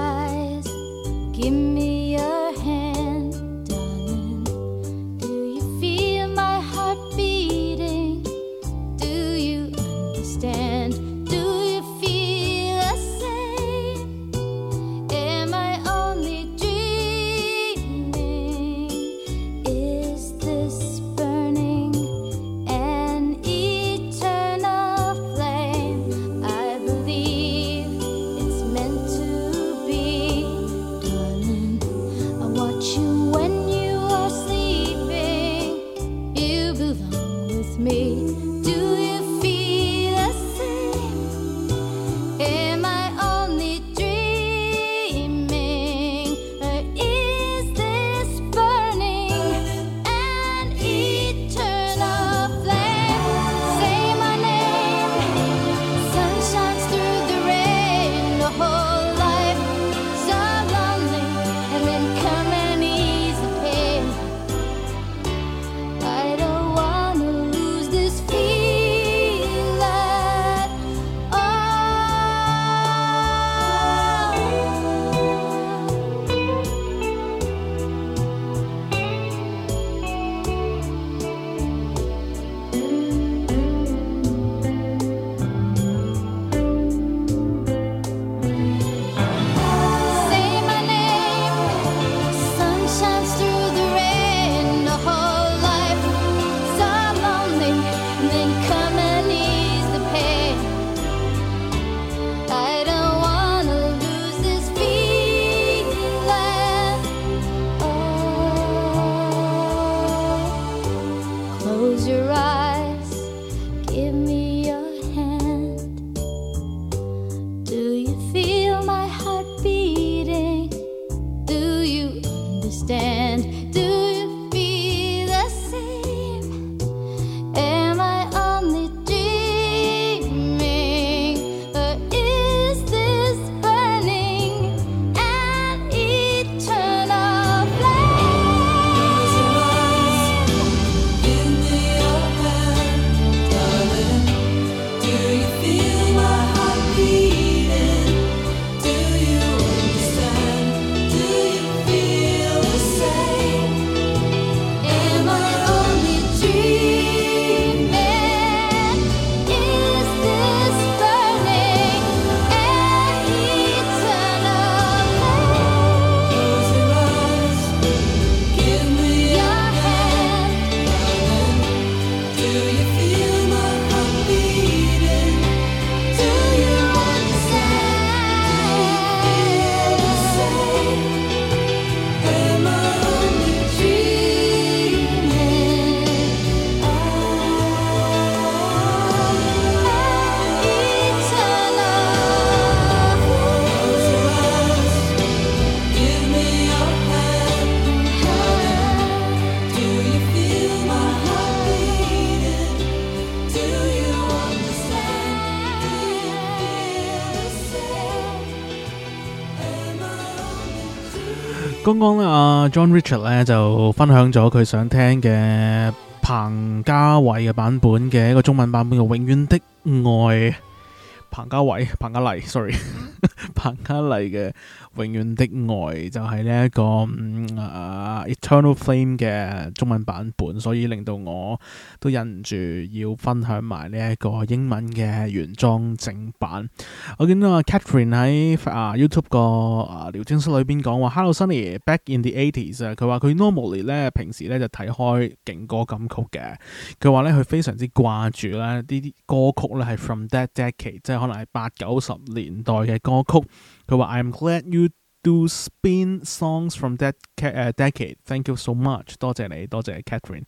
剛剛阿 John Richard 咧就分享咗佢想聽嘅彭家偉嘅版本嘅一個中文版本嘅《永遠的愛》。彭家偉，彭家麗，sorry。彭嘉麗嘅《永遠的愛》就係呢一個、嗯啊《Eternal Flame》嘅中文版本，所以令到我都忍唔住要分享埋呢一個英文嘅原裝正版。我見到啊 Catherine 喺啊 YouTube 個啊聊天室裏邊講話：Hello Sunny，Back in the eighties 啊。佢話佢 normally 咧平時咧就睇開勁歌金曲嘅。佢話咧佢非常之掛住咧呢啲歌曲咧係 From That Decade 即係可能係八九十年代嘅歌曲。佢話：I'm glad you do spin songs from that decade. Thank you so much. 多謝你，多謝 Catherine。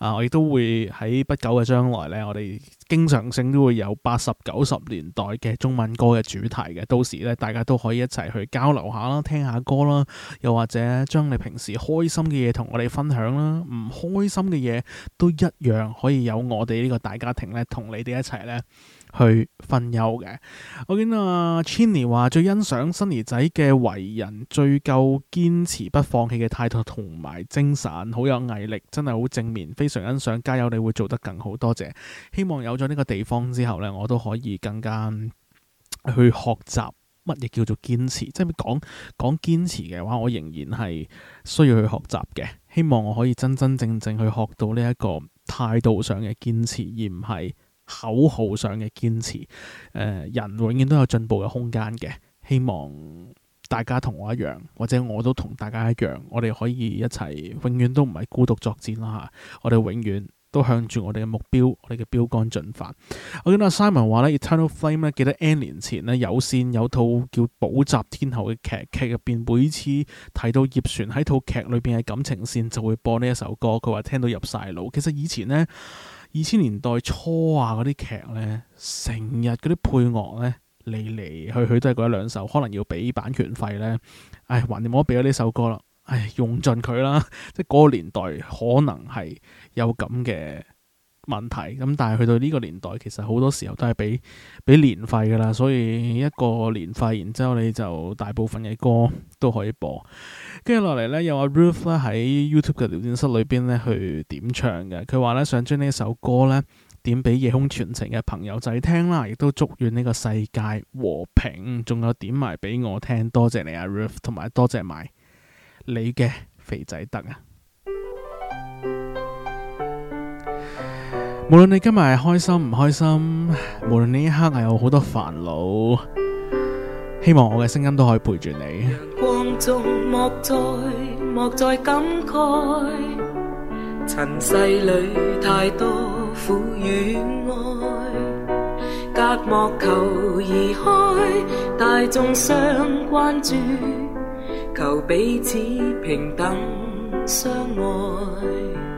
啊，我亦都會喺不久嘅將來咧，我哋經常性都會有八十九十年代嘅中文歌嘅主題嘅。到時咧，大家都可以一齊去交流下啦，聽下歌啦，又或者將你平時開心嘅嘢同我哋分享啦，唔開心嘅嘢都一樣可以有我哋呢個大家庭咧，同你哋一齊咧。去分憂嘅，我見阿 Chinny 話最欣賞 Sunny 仔嘅為人，最夠堅持不放棄嘅態度同埋精神，好有毅力，真係好正面，非常欣賞。加油，你會做得更好，多謝。希望有咗呢個地方之後咧，我都可以更加去學習乜嘢叫做堅持。即係講講堅持嘅話，我仍然係需要去學習嘅。希望我可以真真正正去學到呢一個態度上嘅堅持，而唔係。口號上嘅堅持，呃，人永遠都有進步嘅空間嘅，希望大家同我一樣，或者我都同大家一樣，我哋可以一齊，永遠都唔係孤獨作戰啦嚇，我哋永遠都向住我哋嘅目標、我哋嘅標杆進發。我見到 Simon 話咧，《Eternal Flame》咧，記得 N 年前有線有一套叫《補習天后》嘅劇，劇入邊每次提到葉璇喺套劇裏邊嘅感情線，就會播呢一首歌，佢話聽到入晒腦。其實以前呢。二千年代初啊，嗰啲劇咧，成日嗰啲配樂咧，嚟嚟去去都係嗰一兩首，可能要俾版權費咧，唉，橫掂我都俾咗呢首歌啦，唉，用盡佢啦，即係嗰個年代可能係有咁嘅。問題咁，但係去到呢個年代，其實好多時候都係俾俾年費㗎啦，所以一個年費，然之後你就大部分嘅歌都可以播。跟住落嚟呢，有阿 Ruth 咧喺 YouTube 嘅聊天室裏邊呢去點唱嘅，佢話呢，想將呢首歌呢點俾夜空傳情嘅朋友仔聽啦，亦都祝願呢個世界和平，仲有點埋俾我聽，多謝你阿、啊、Ruth 同埋多謝埋你嘅肥仔德啊！無論你今日係開心唔開心，無論呢一刻係有好多煩惱，希望我嘅聲音都可以陪住你。光中莫再莫再感慨，塵世裏太多苦與愛，隔膜求移開，大眾相關注，求彼此平等相愛。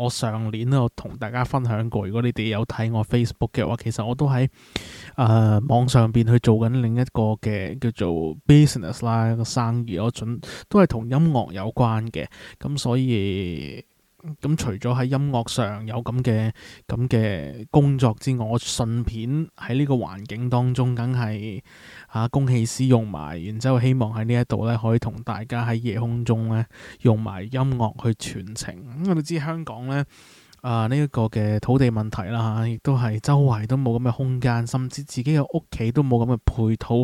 我上年咧，我同大家分享過。如果你哋有睇我 Facebook 嘅話，其實我都喺誒、呃、網上邊去做緊另一個嘅叫做 business 啦，個生意我准都係同音樂有關嘅。咁所以。咁除咗喺音樂上有咁嘅咁嘅工作之外，我順便喺呢個環境當中，梗係啊，公器私用埋，然之後希望喺呢一度咧，可以同大家喺夜空中咧，用埋音樂去傳情。咁我哋知香港咧。啊！呢、這、一個嘅土地問題啦，亦都係周圍都冇咁嘅空間，甚至自己嘅屋企都冇咁嘅配套，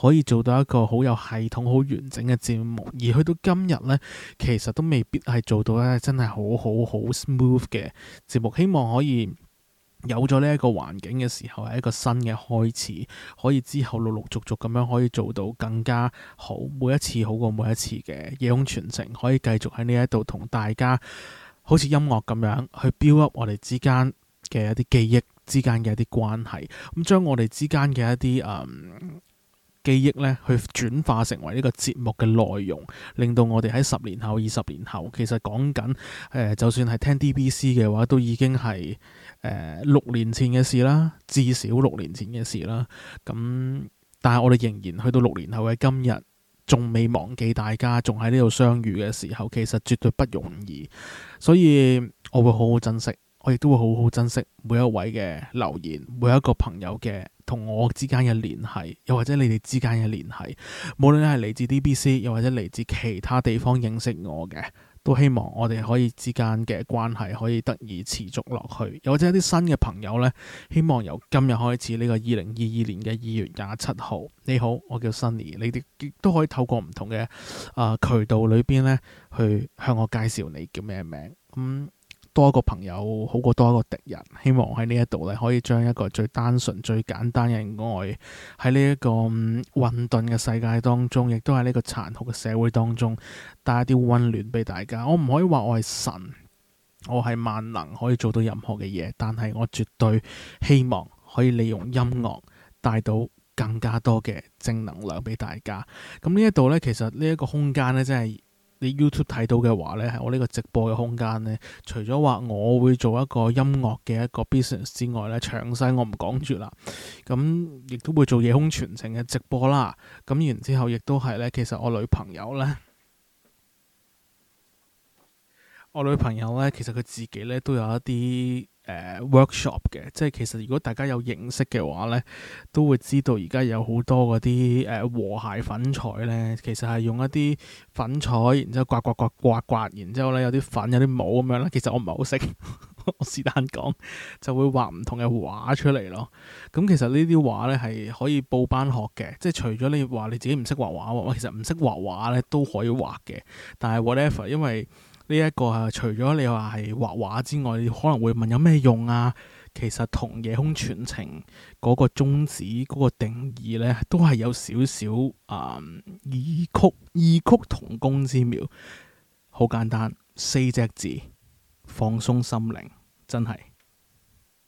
可以做到一個好有系統、好完整嘅節目。而去到今日呢，其實都未必係做到真係好好好 smooth 嘅節目。希望可以有咗呢一個環境嘅時候，係一個新嘅開始，可以之後陸陸續續咁樣可以做到更加好，每一次好過每一次嘅夜空傳情，可以繼續喺呢一度同大家，好似音樂咁樣去 build up 我哋之間嘅一啲記憶，之間嘅一啲關係，咁將我哋之間嘅一啲誒、嗯、記憶咧，去轉化成為呢個節目嘅內容，令到我哋喺十年後、二十年後，其實講緊誒，就算係聽 DBC 嘅話，都已經係誒、呃、六年前嘅事啦，至少六年前嘅事啦。咁但係我哋仍然去到六年後嘅今日。仲未忘記大家仲喺呢度相遇嘅時候，其實絕對不容易，所以我會好好珍惜，我亦都會好好珍惜每一位嘅留言，每一個朋友嘅同我之間嘅聯繫，又或者你哋之間嘅聯繫，無論係嚟自 DBC，又或者嚟自其他地方認識我嘅。都希望我哋可以之間嘅關係可以得以持續落去，又或者一啲新嘅朋友呢，希望由今日開始呢個二零二二年嘅二月廿七號，你好，我叫 Sunny，你哋亦都可以透過唔同嘅、呃、渠道裏面呢，去向我介紹你叫咩名咁。嗯多一個朋友好過多一個敵人，希望喺呢一度咧可以將一個最單純、最簡單嘅愛喺呢一個混沌嘅世界當中，亦都喺呢個殘酷嘅社會當中帶一啲温暖俾大家。我唔可以話我係神，我係萬能可以做到任何嘅嘢，但係我絕對希望可以利用音樂帶到更加多嘅正能量俾大家。咁呢一度呢，其實呢一個空間呢，真係～你 YouTube 睇到嘅話咧，係我呢個直播嘅空間咧，除咗話我會做一個音樂嘅一個 business 之外咧，詳細我唔講住啦。咁亦都會做夜空傳情嘅直播啦。咁然之後，亦都係咧，其實我女朋友咧，我女朋友咧，其實佢自己咧都有一啲。誒、呃、workshop 嘅，即係其實如果大家有認識嘅話呢，都會知道而家有好多嗰啲誒和諧粉彩呢。其實係用一啲粉彩，然之後刮刮刮刮刮，刮，然之後呢有啲粉有啲毛咁樣啦。其實我唔係好識， 我是但講就會畫唔同嘅畫出嚟咯。咁其實呢啲畫呢係可以報班學嘅，即係除咗你話你自己唔識畫畫，我其實唔識畫畫呢都可以畫嘅。但係 whatever，因為呢、這、一個啊，除咗你話係畫畫之外，你可能會問有咩用啊？其實同夜空傳情嗰個宗旨、嗰個定義咧，都係有少少啊異曲異曲同工之妙。好簡單，四隻字，放鬆心靈，真係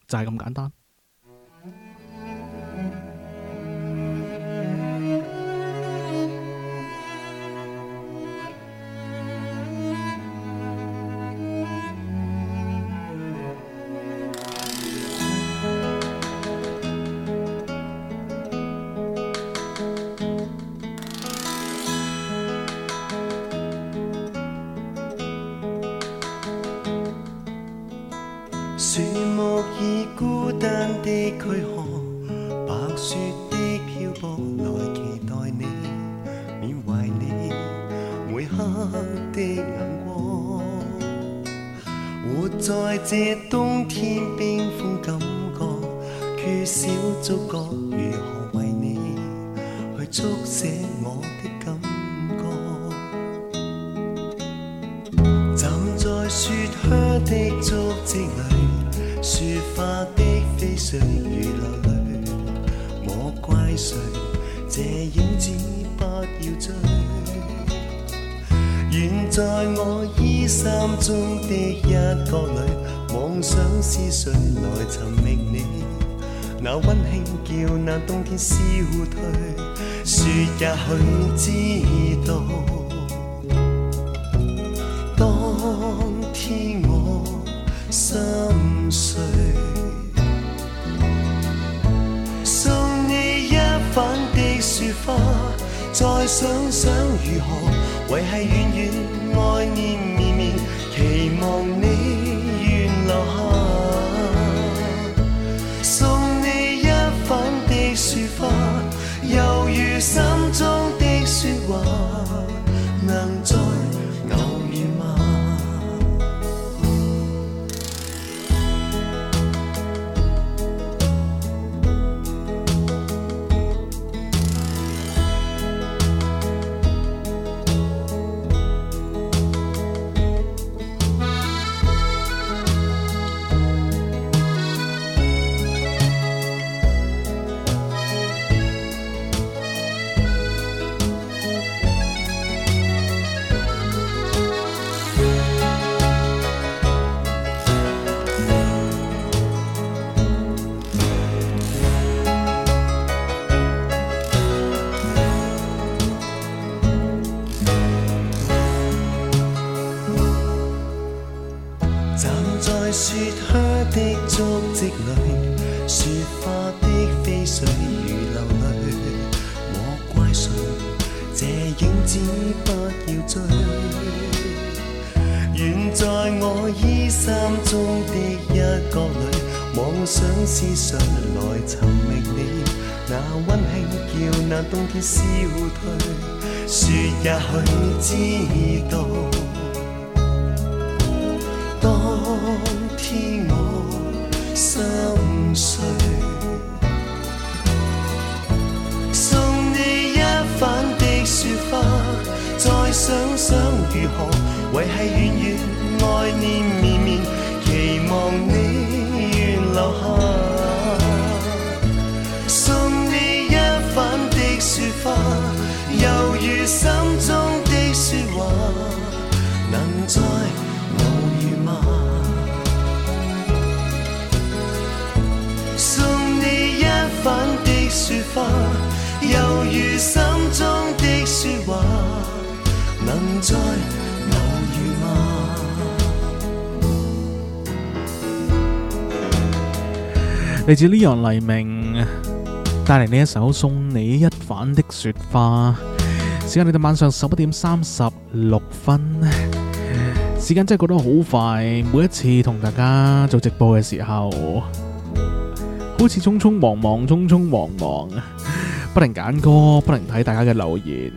就係、是、咁簡單。但冬天消退，雪也許知道。嚟自呢樣黎明，帶嚟呢一首送你一瓣的雪花。時間嚟到晚上十一點三十六分，時間真係過得好快。每一次同大家做直播嘅時候，好似匆匆忙忙，匆匆忙忙，不能揀歌，不能睇大家嘅留言，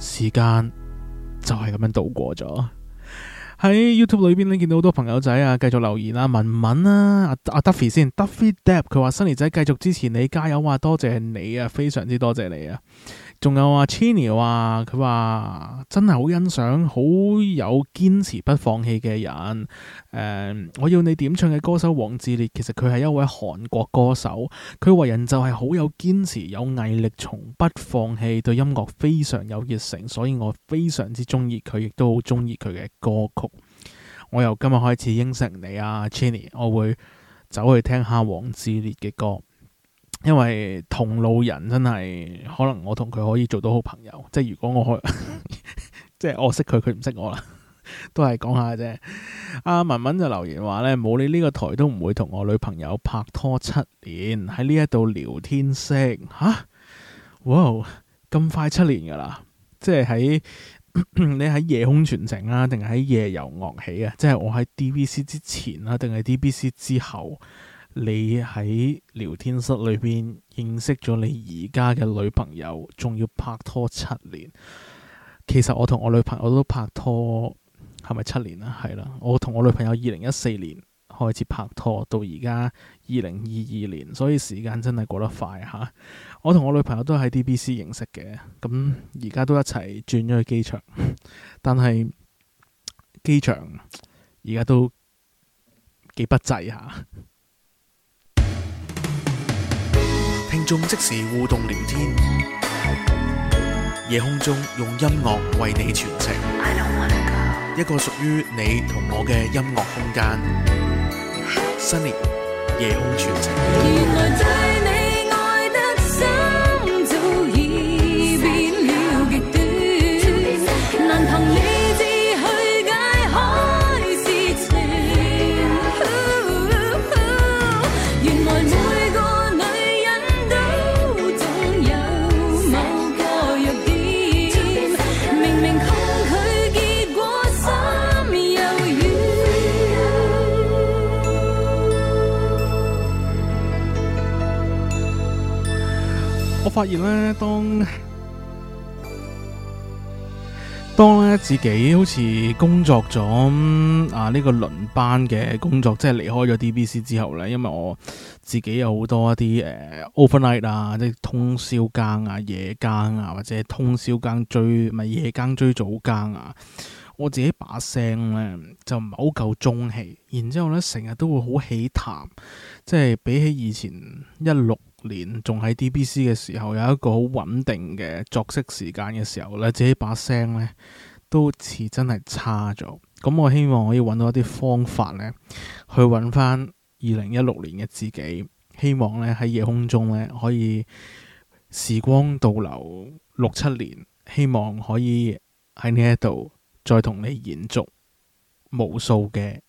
時間就係咁樣度過咗。喺 YouTube 裏邊咧，見到好多朋友仔啊，繼續留言啦、啊，文文啦，阿、啊、阿、啊、Duffy 先，Duffy Depp 佢話，Sunny 仔繼續支持你，加油、啊！話多謝你啊，非常之多謝你啊！仲有啊，Chinny 話：佢話真係好欣賞，好有堅持不放棄嘅人。誒，um，我要你點唱嘅歌手黃致列，其實佢係一位韓國歌手，佢為人就係好有堅持，有毅力，從不放棄，對音樂非常有熱誠，所以我非常之中意佢，亦都好中意佢嘅歌曲。我由今日開始應承你啊，Chinny，我會走去聽下黃致列嘅歌。因為同路人真係可能我同佢可以做到好朋友，即係如果我可以呵呵，即係我識佢佢唔識我啦，都係講下啫。阿、啊、文文就留言話咧，冇你呢個台都唔會同我女朋友拍拖七年，喺呢一度聊天識吓，哇、啊！咁、wow, 快七年噶啦，即係喺你喺夜空傳情啊，定係喺夜遊樂起啊？即係我喺 DBC 之前啦、啊，定係 DBC 之後？你喺聊天室裏邊認識咗你而家嘅女朋友，仲要拍拖七年。其實我同我女朋友都拍拖，係咪七年啊？係啦，我同我女朋友二零一四年開始拍拖，到而家二零二二年，所以時間真係過得快吓。我同我女朋友都喺 DBC 認識嘅，咁而家都一齊轉咗去機場，但係機場而家都幾不濟下。中即時互動聊天，夜空中用音樂為你傳情，一個屬於你同我嘅音樂空間。新年夜空傳情。我發現咧，當當咧自己好似工作咗啊，呢、這個輪班嘅工作，即係離開咗 DBC 之後咧，因為我自己有好多一啲誒、呃、overnight 啊，即係通宵更啊、夜更啊，或者通宵更追咪夜更追早更啊，我自己把聲咧就唔係好夠中氣，然之後咧成日都會好起痰，即係比起以前一六。年仲喺 DBC 嘅時候，有一個好穩定嘅作息時間嘅時候咧，自己把聲咧都似真係差咗。咁我希望可以揾到一啲方法咧，去揾翻二零一六年嘅自己。希望咧喺夜空中咧可以時光倒流六七年，希望可以喺呢一度再同你延續無數嘅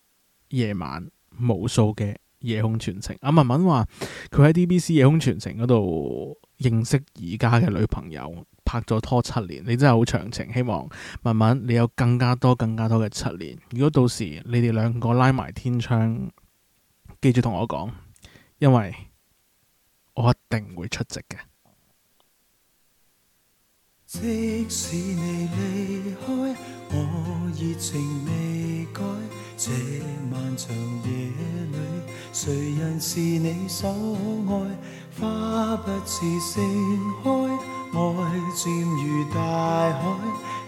夜晚，無數嘅。夜空傳情，阿文文話佢喺 DBC 夜空傳情嗰度認識而家嘅女朋友，拍咗拖七年。你真係好長情，希望文文你有更加多、更加多嘅七年。如果到時你哋兩個拉埋天窗，記住同我講，因為我一定會出席嘅。即使你離開，我熱情未改，這漫長夜。誰人是你所愛，花不似盛開，愛漸如大海，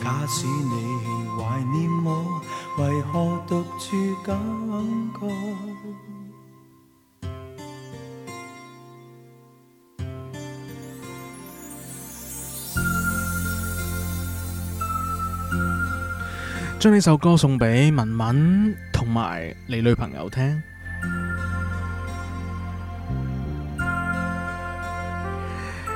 假使你懷念我，為何獨處感慨，將呢首歌送俾文文同埋你女朋友聽。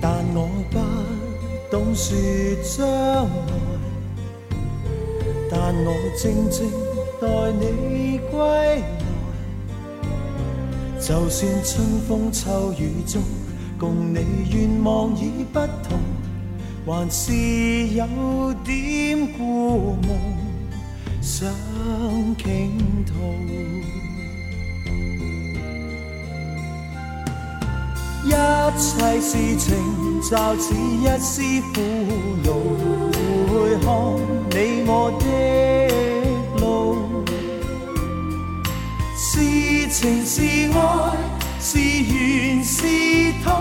但我不懂說將來，但我靜靜待你歸來。就算春風秋雨中，共你願望已不同，還是有點故夢想傾吐。一切事情就似一絲苦痛，回看你我的路，是情是愛，是緣是痛，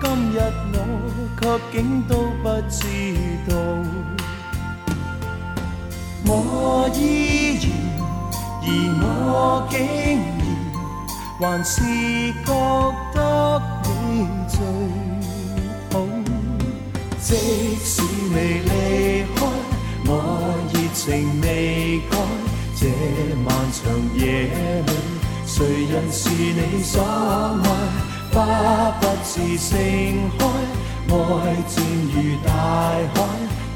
今日我卻竟都不知道。我依然，而我竟然，還是覺得。最好，即使你離開，我熱情未改。這漫長夜裏，誰人是你所愛？花不似盛開，愛漸如大海。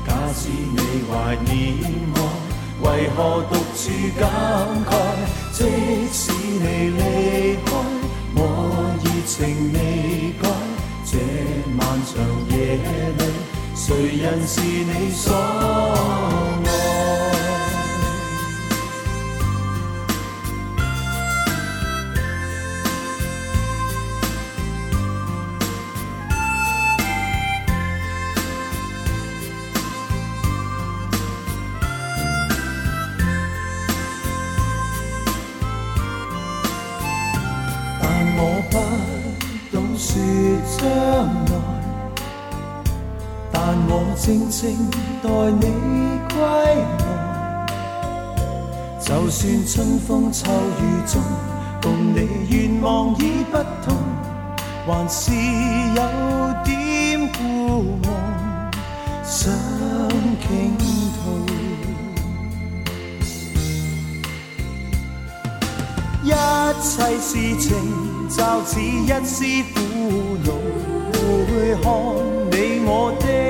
假使你懷念我，為何獨處感慨？即使你離開，我熱情未改。我情未改，這漫長夜裏，誰人是你所愛？靜靜待你歸來，就算春風秋雨中，共你願望已不同，還是有點故夢想傾吐。一切事情就似一絲苦惱，會看你我的。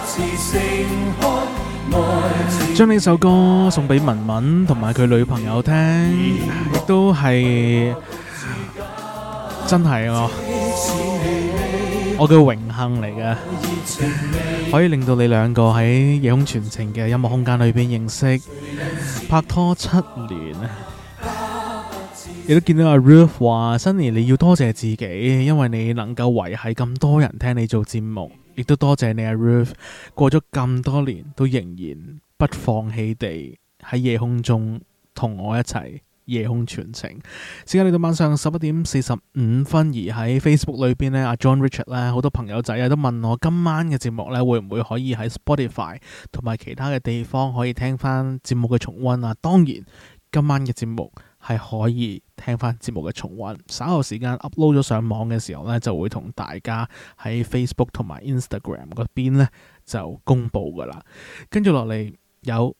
將呢首歌送畀文文同埋佢女朋友聽，亦都係真係我嘅榮幸嚟㗎，可以令到你兩個喺夜空傳情嘅音樂空間裏面認識，拍拖七年。亦都見到阿 Ruth 話:新年，你要多謝自己，因為你能夠維繫咁多人聽你做節目亦都多謝你阿 Ruth，過咗咁多年都仍然不放棄地喺夜空中同我一齊夜空傳情。時間嚟到晚上十一點四十五分，而喺 Facebook 裏邊呢，阿 John Richard 咧，好多朋友仔啊都問我今晚嘅節目咧會唔會可以喺 Spotify 同埋其他嘅地方可以聽翻節目嘅重溫啊？當然，今晚嘅節目。係可以聽翻節目嘅重溫。稍後時間 upload 咗上網嘅時候呢，就會同大家喺 Facebook 同埋 Instagram 嗰邊呢就公布噶啦。跟住落嚟有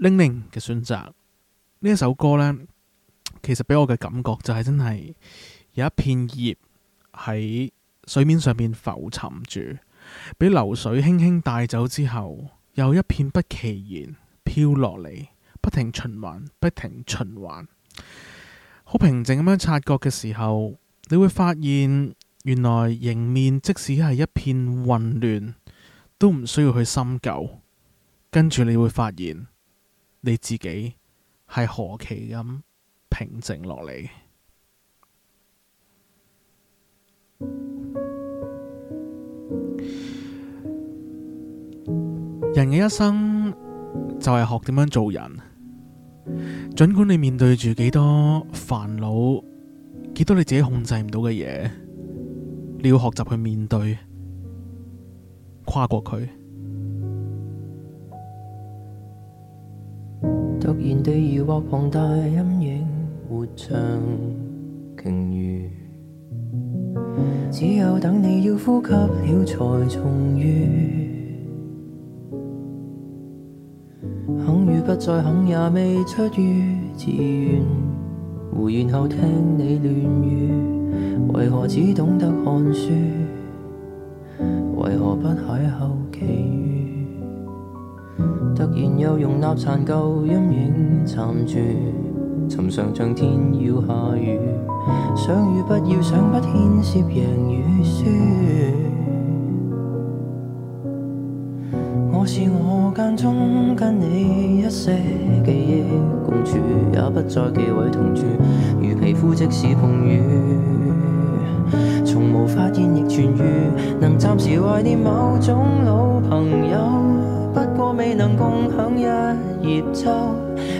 Ling Ling 嘅選擇呢一首歌呢，其實俾我嘅感覺就係真係有一片葉喺水面上面浮沉住，俾流水輕輕帶走之後，又一片不其然飄落嚟，不停循環，不停循環。好平靜咁樣察覺嘅時候，你會發現原來迎面即使係一片混亂，都唔需要去深究。跟住你會發現你自己係何其咁平靜落嚟。人嘅一生就係學點樣做人。儘管你面對住幾多煩惱，幾多你自己控制唔到嘅嘢，你要學習去面對，跨過佢。突然地搖惑龐大陰影活，活像鯨魚，只有等你要呼吸了才重遇。肯與不再肯，也未出於自願。胡言後聽你亂語，為何只懂得看書？為何不邂逅奇遇？突然又容納殘舊陰影暫住，尋常像天要下雨。想與不要想，不牽涉贏與輸。間中跟你一些記憶共處，也不再忌諱同住。如皮膚即使碰雨，從無發現亦痊愈。能暫時懷念某種老朋友，不過未能共享一葉舟。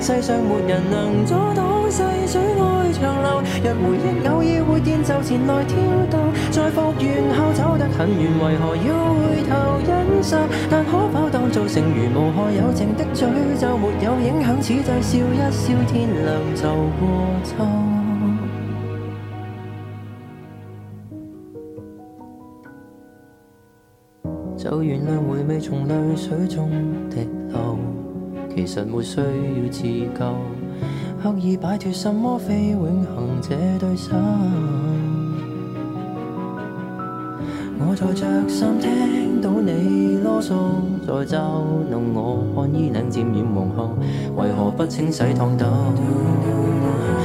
世上沒人能阻擋細水愛長流，若回憶偶爾會電就前來挑逗，在復原後走得很遠，為何要回頭忍受？但可否當做成餘無害友情的咀咒就沒有影響？此際笑一笑，天亮就過秋，就原諒回味從淚水中滴流。其實沒需要自救，刻意擺脫什麼非永恒這對手。我在着衫聽到你囉嗦，再嘲弄我看衣領漸染黃汗，為何不清洗燙斗？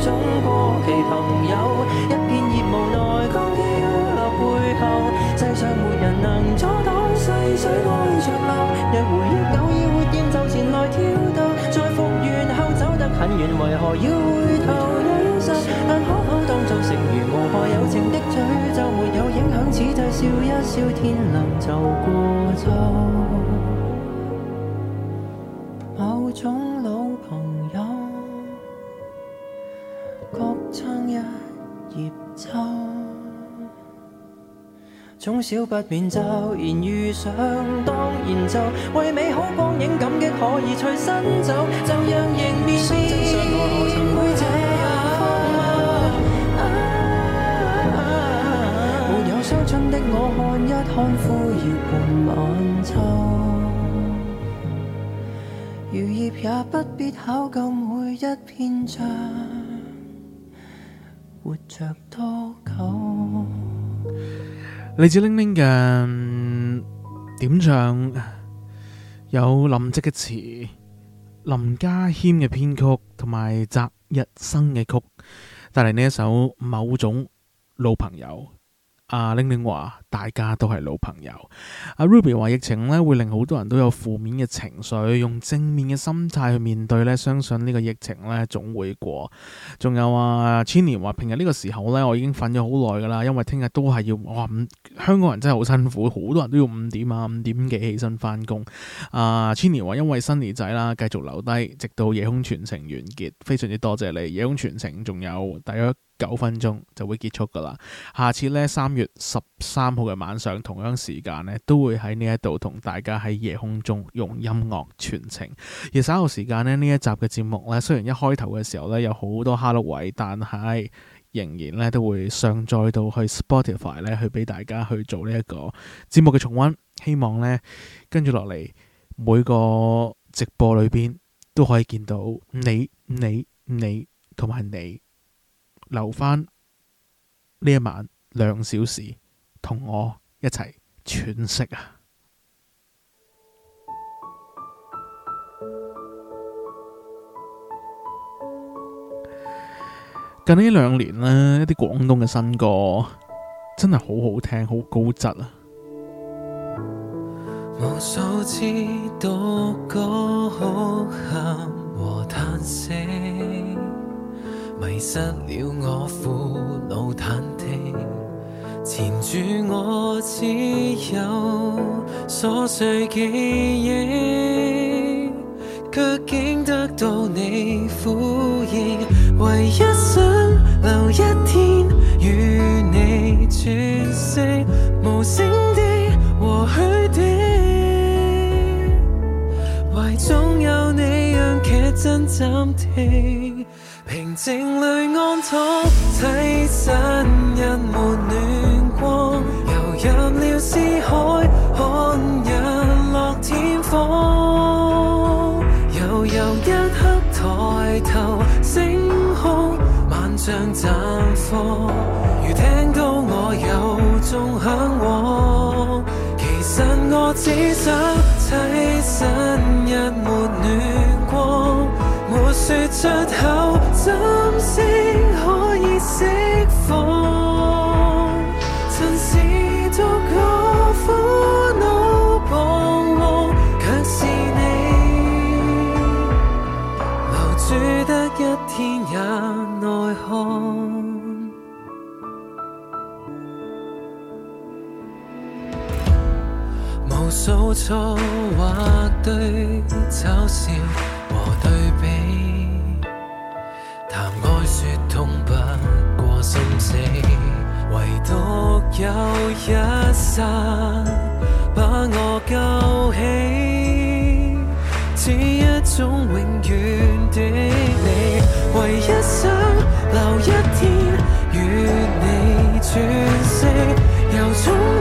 總過期朋友，一片葉無奈剛飄落背後，世上沒人能阻擋細水愛長流。若回憶久已活厭，就前來挑逗。再復原後走得很遠，為何要回頭呢？實，但可否當做成全？我怕友情的詛咒？沒有影響，此際笑一笑，天亮就過秋。總少不免驟然遇上，當然就為美好光影感激，可以隨身走，就讓迎面笑。人生怎麼沒有傷春的我，看一看枯葉伴晚秋，魚葉也不必考究每一篇章，活着多久？嚟自玲玲嘅點唱，有林夕嘅詞，林家謙嘅編曲，同埋澤日生嘅曲，帶嚟呢首某種老朋友。啊，玲玲話：大家都係老朋友。阿、啊、Ruby 話：疫情咧會令好多人都有負面嘅情緒，用正面嘅心態去面對咧，相信呢個疫情咧總會過。仲有啊，千年話平日呢個時候咧，我已經瞓咗好耐噶啦，因為聽日都係要哇，5, 香港人真係好辛苦，好多人都要五點啊五點幾起身翻工。啊，千年話因為新年仔啦，繼續留低，直到夜空傳情完結，非常之多謝你夜空傳情還有，仲有大約。九分鐘就會結束㗎喇。下次呢，三月十三號嘅晚上，同樣時間呢，都會喺呢一度同大家喺夜空中用音樂傳情。而稍後時間呢，呢一集嘅節目呢，雖然一開頭嘅時候呢有好多甩漏位，但係仍然呢都會上載到去 Spotify 呢，去俾大家去做呢一個節目嘅重溫。希望呢，跟住落嚟每個直播裏面都可以見到你、你、你同埋你。留翻，呢一晚兩小時同我一齊喘息啊！近呢兩年呢，一啲廣東嘅新歌真係好好聽，好高質啊！無數次都歌好喊和嘆息。迷失了我苦惱忐忑，纏住我只有瑣碎記憶，卻竟得到你呼應。唯一生留一天與你絕息無聲的和虛的，懷中有你讓劇真暫停。平靜裏安躺，棲身一抹暖光，游入了思海，看日落天荒。悠悠一刻抬頭，星空萬丈綻放。如聽到我由衷向往，其實我只想棲身一抹暖。說出口，怎聲可以釋放？曾試圖苦惱彷徨，却是你留住得一天也內耗。無數錯或對嘲笑。談愛說痛不過心死，唯獨有一剎把我救起，只一種永遠的 你，為一生留一天與你轉世，由衷。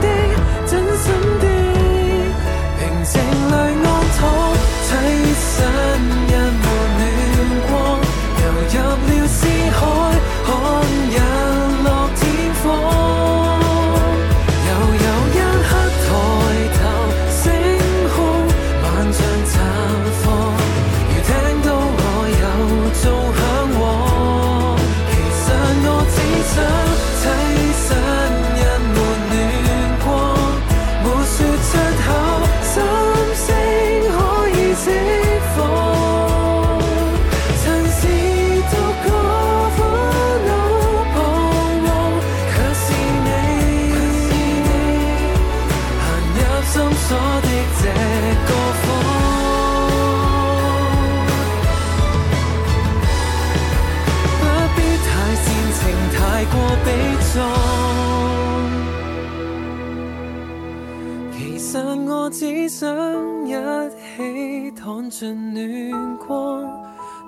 起躺進暖光，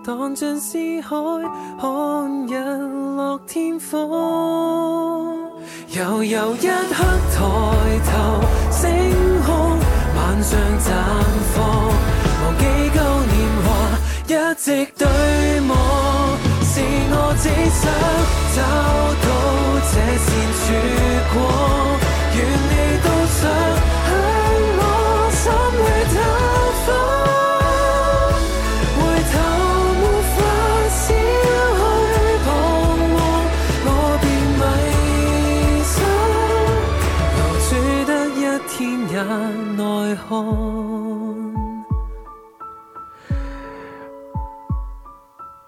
蕩進思海，看日落天荒。 悠悠一刻抬頭，星空晚上綻放。忘記舊年華一直對望，是我只想找到這線曙光，願你都想。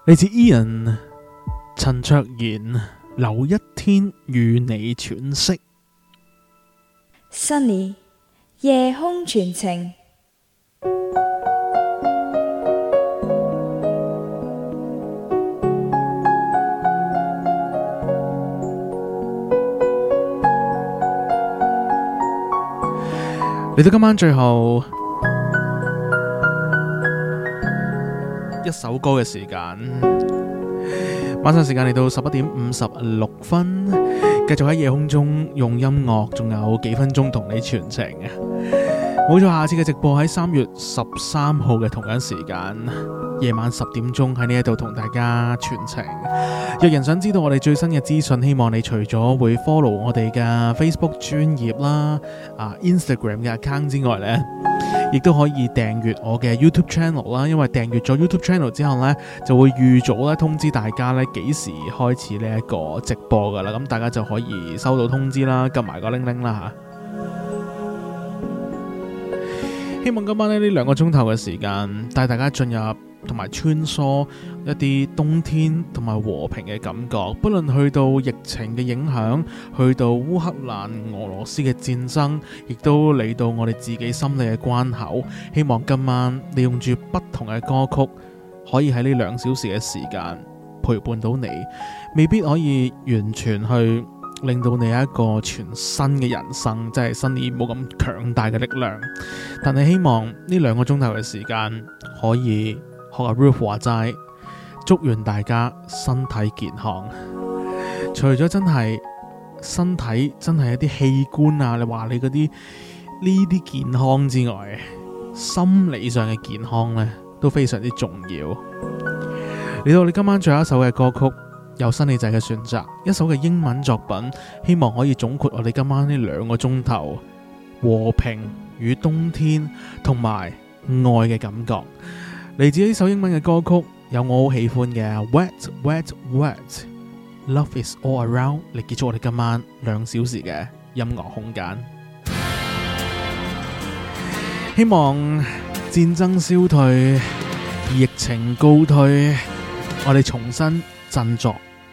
來自 Ian 陳卓賢，留一天與你喘息。Sunny 夜空傳情。嚟到今晚最後一首歌嘅時間，晚上時間嚟到十一點五十六分，繼續喺夜空中用音樂，仲有幾分鐘同你傳情啊！冇錯，下次嘅直播喺三月十三號嘅同一時間，夜晚十點鐘喺呢一度同大家傳情。若然想知道我哋最新嘅資訊，希望你除咗會 follow 我哋嘅 Facebook 專頁啦，啊 Instagram 嘅 account 之外呢，亦都可以訂閱我嘅 YouTube channel 啦。因為訂閱咗 YouTube channel 之後呢，就會預早咧通知大家咧幾時開始呢一個直播噶啦，咁大家就可以收到通知啦，撳埋個鈴鈴啦嚇。希望今晚呢，呢兩個鐘頭嘅時間，帶大家進入同埋穿梭一啲冬天同埋和平嘅感覺。不論去到疫情嘅影響，去到烏克蘭俄羅斯嘅戰爭，亦都嚟到我哋自己心裏嘅關口。希望今晚利用住不同嘅歌曲，可以喺呢兩小時嘅時間陪伴到你，未必可以完全去。令到你一個全新嘅人生，即係生理冇咁強大嘅力量。但係希望呢兩個鐘頭嘅時間，可以學阿 Ralph 話齋，祝願大家身體健康。除咗真係身體真係一啲器官啊，你話你嗰啲呢啲健康之外，心理上嘅健康呢都非常之重要。嚟到我哋今晚最後一首嘅歌曲。有心理仔嘅選擇，一首嘅英文作品，希望可以總括我哋今晚呢兩個鐘頭和平與冬天同埋愛嘅感覺。嚟自呢首英文嘅歌曲，有我好喜歡嘅《Wet Wet Wet》，《Love Is All Around》嚟結束我哋今晚兩小時嘅音樂空間。希望戰爭消退，疫情告退，我哋重新振作。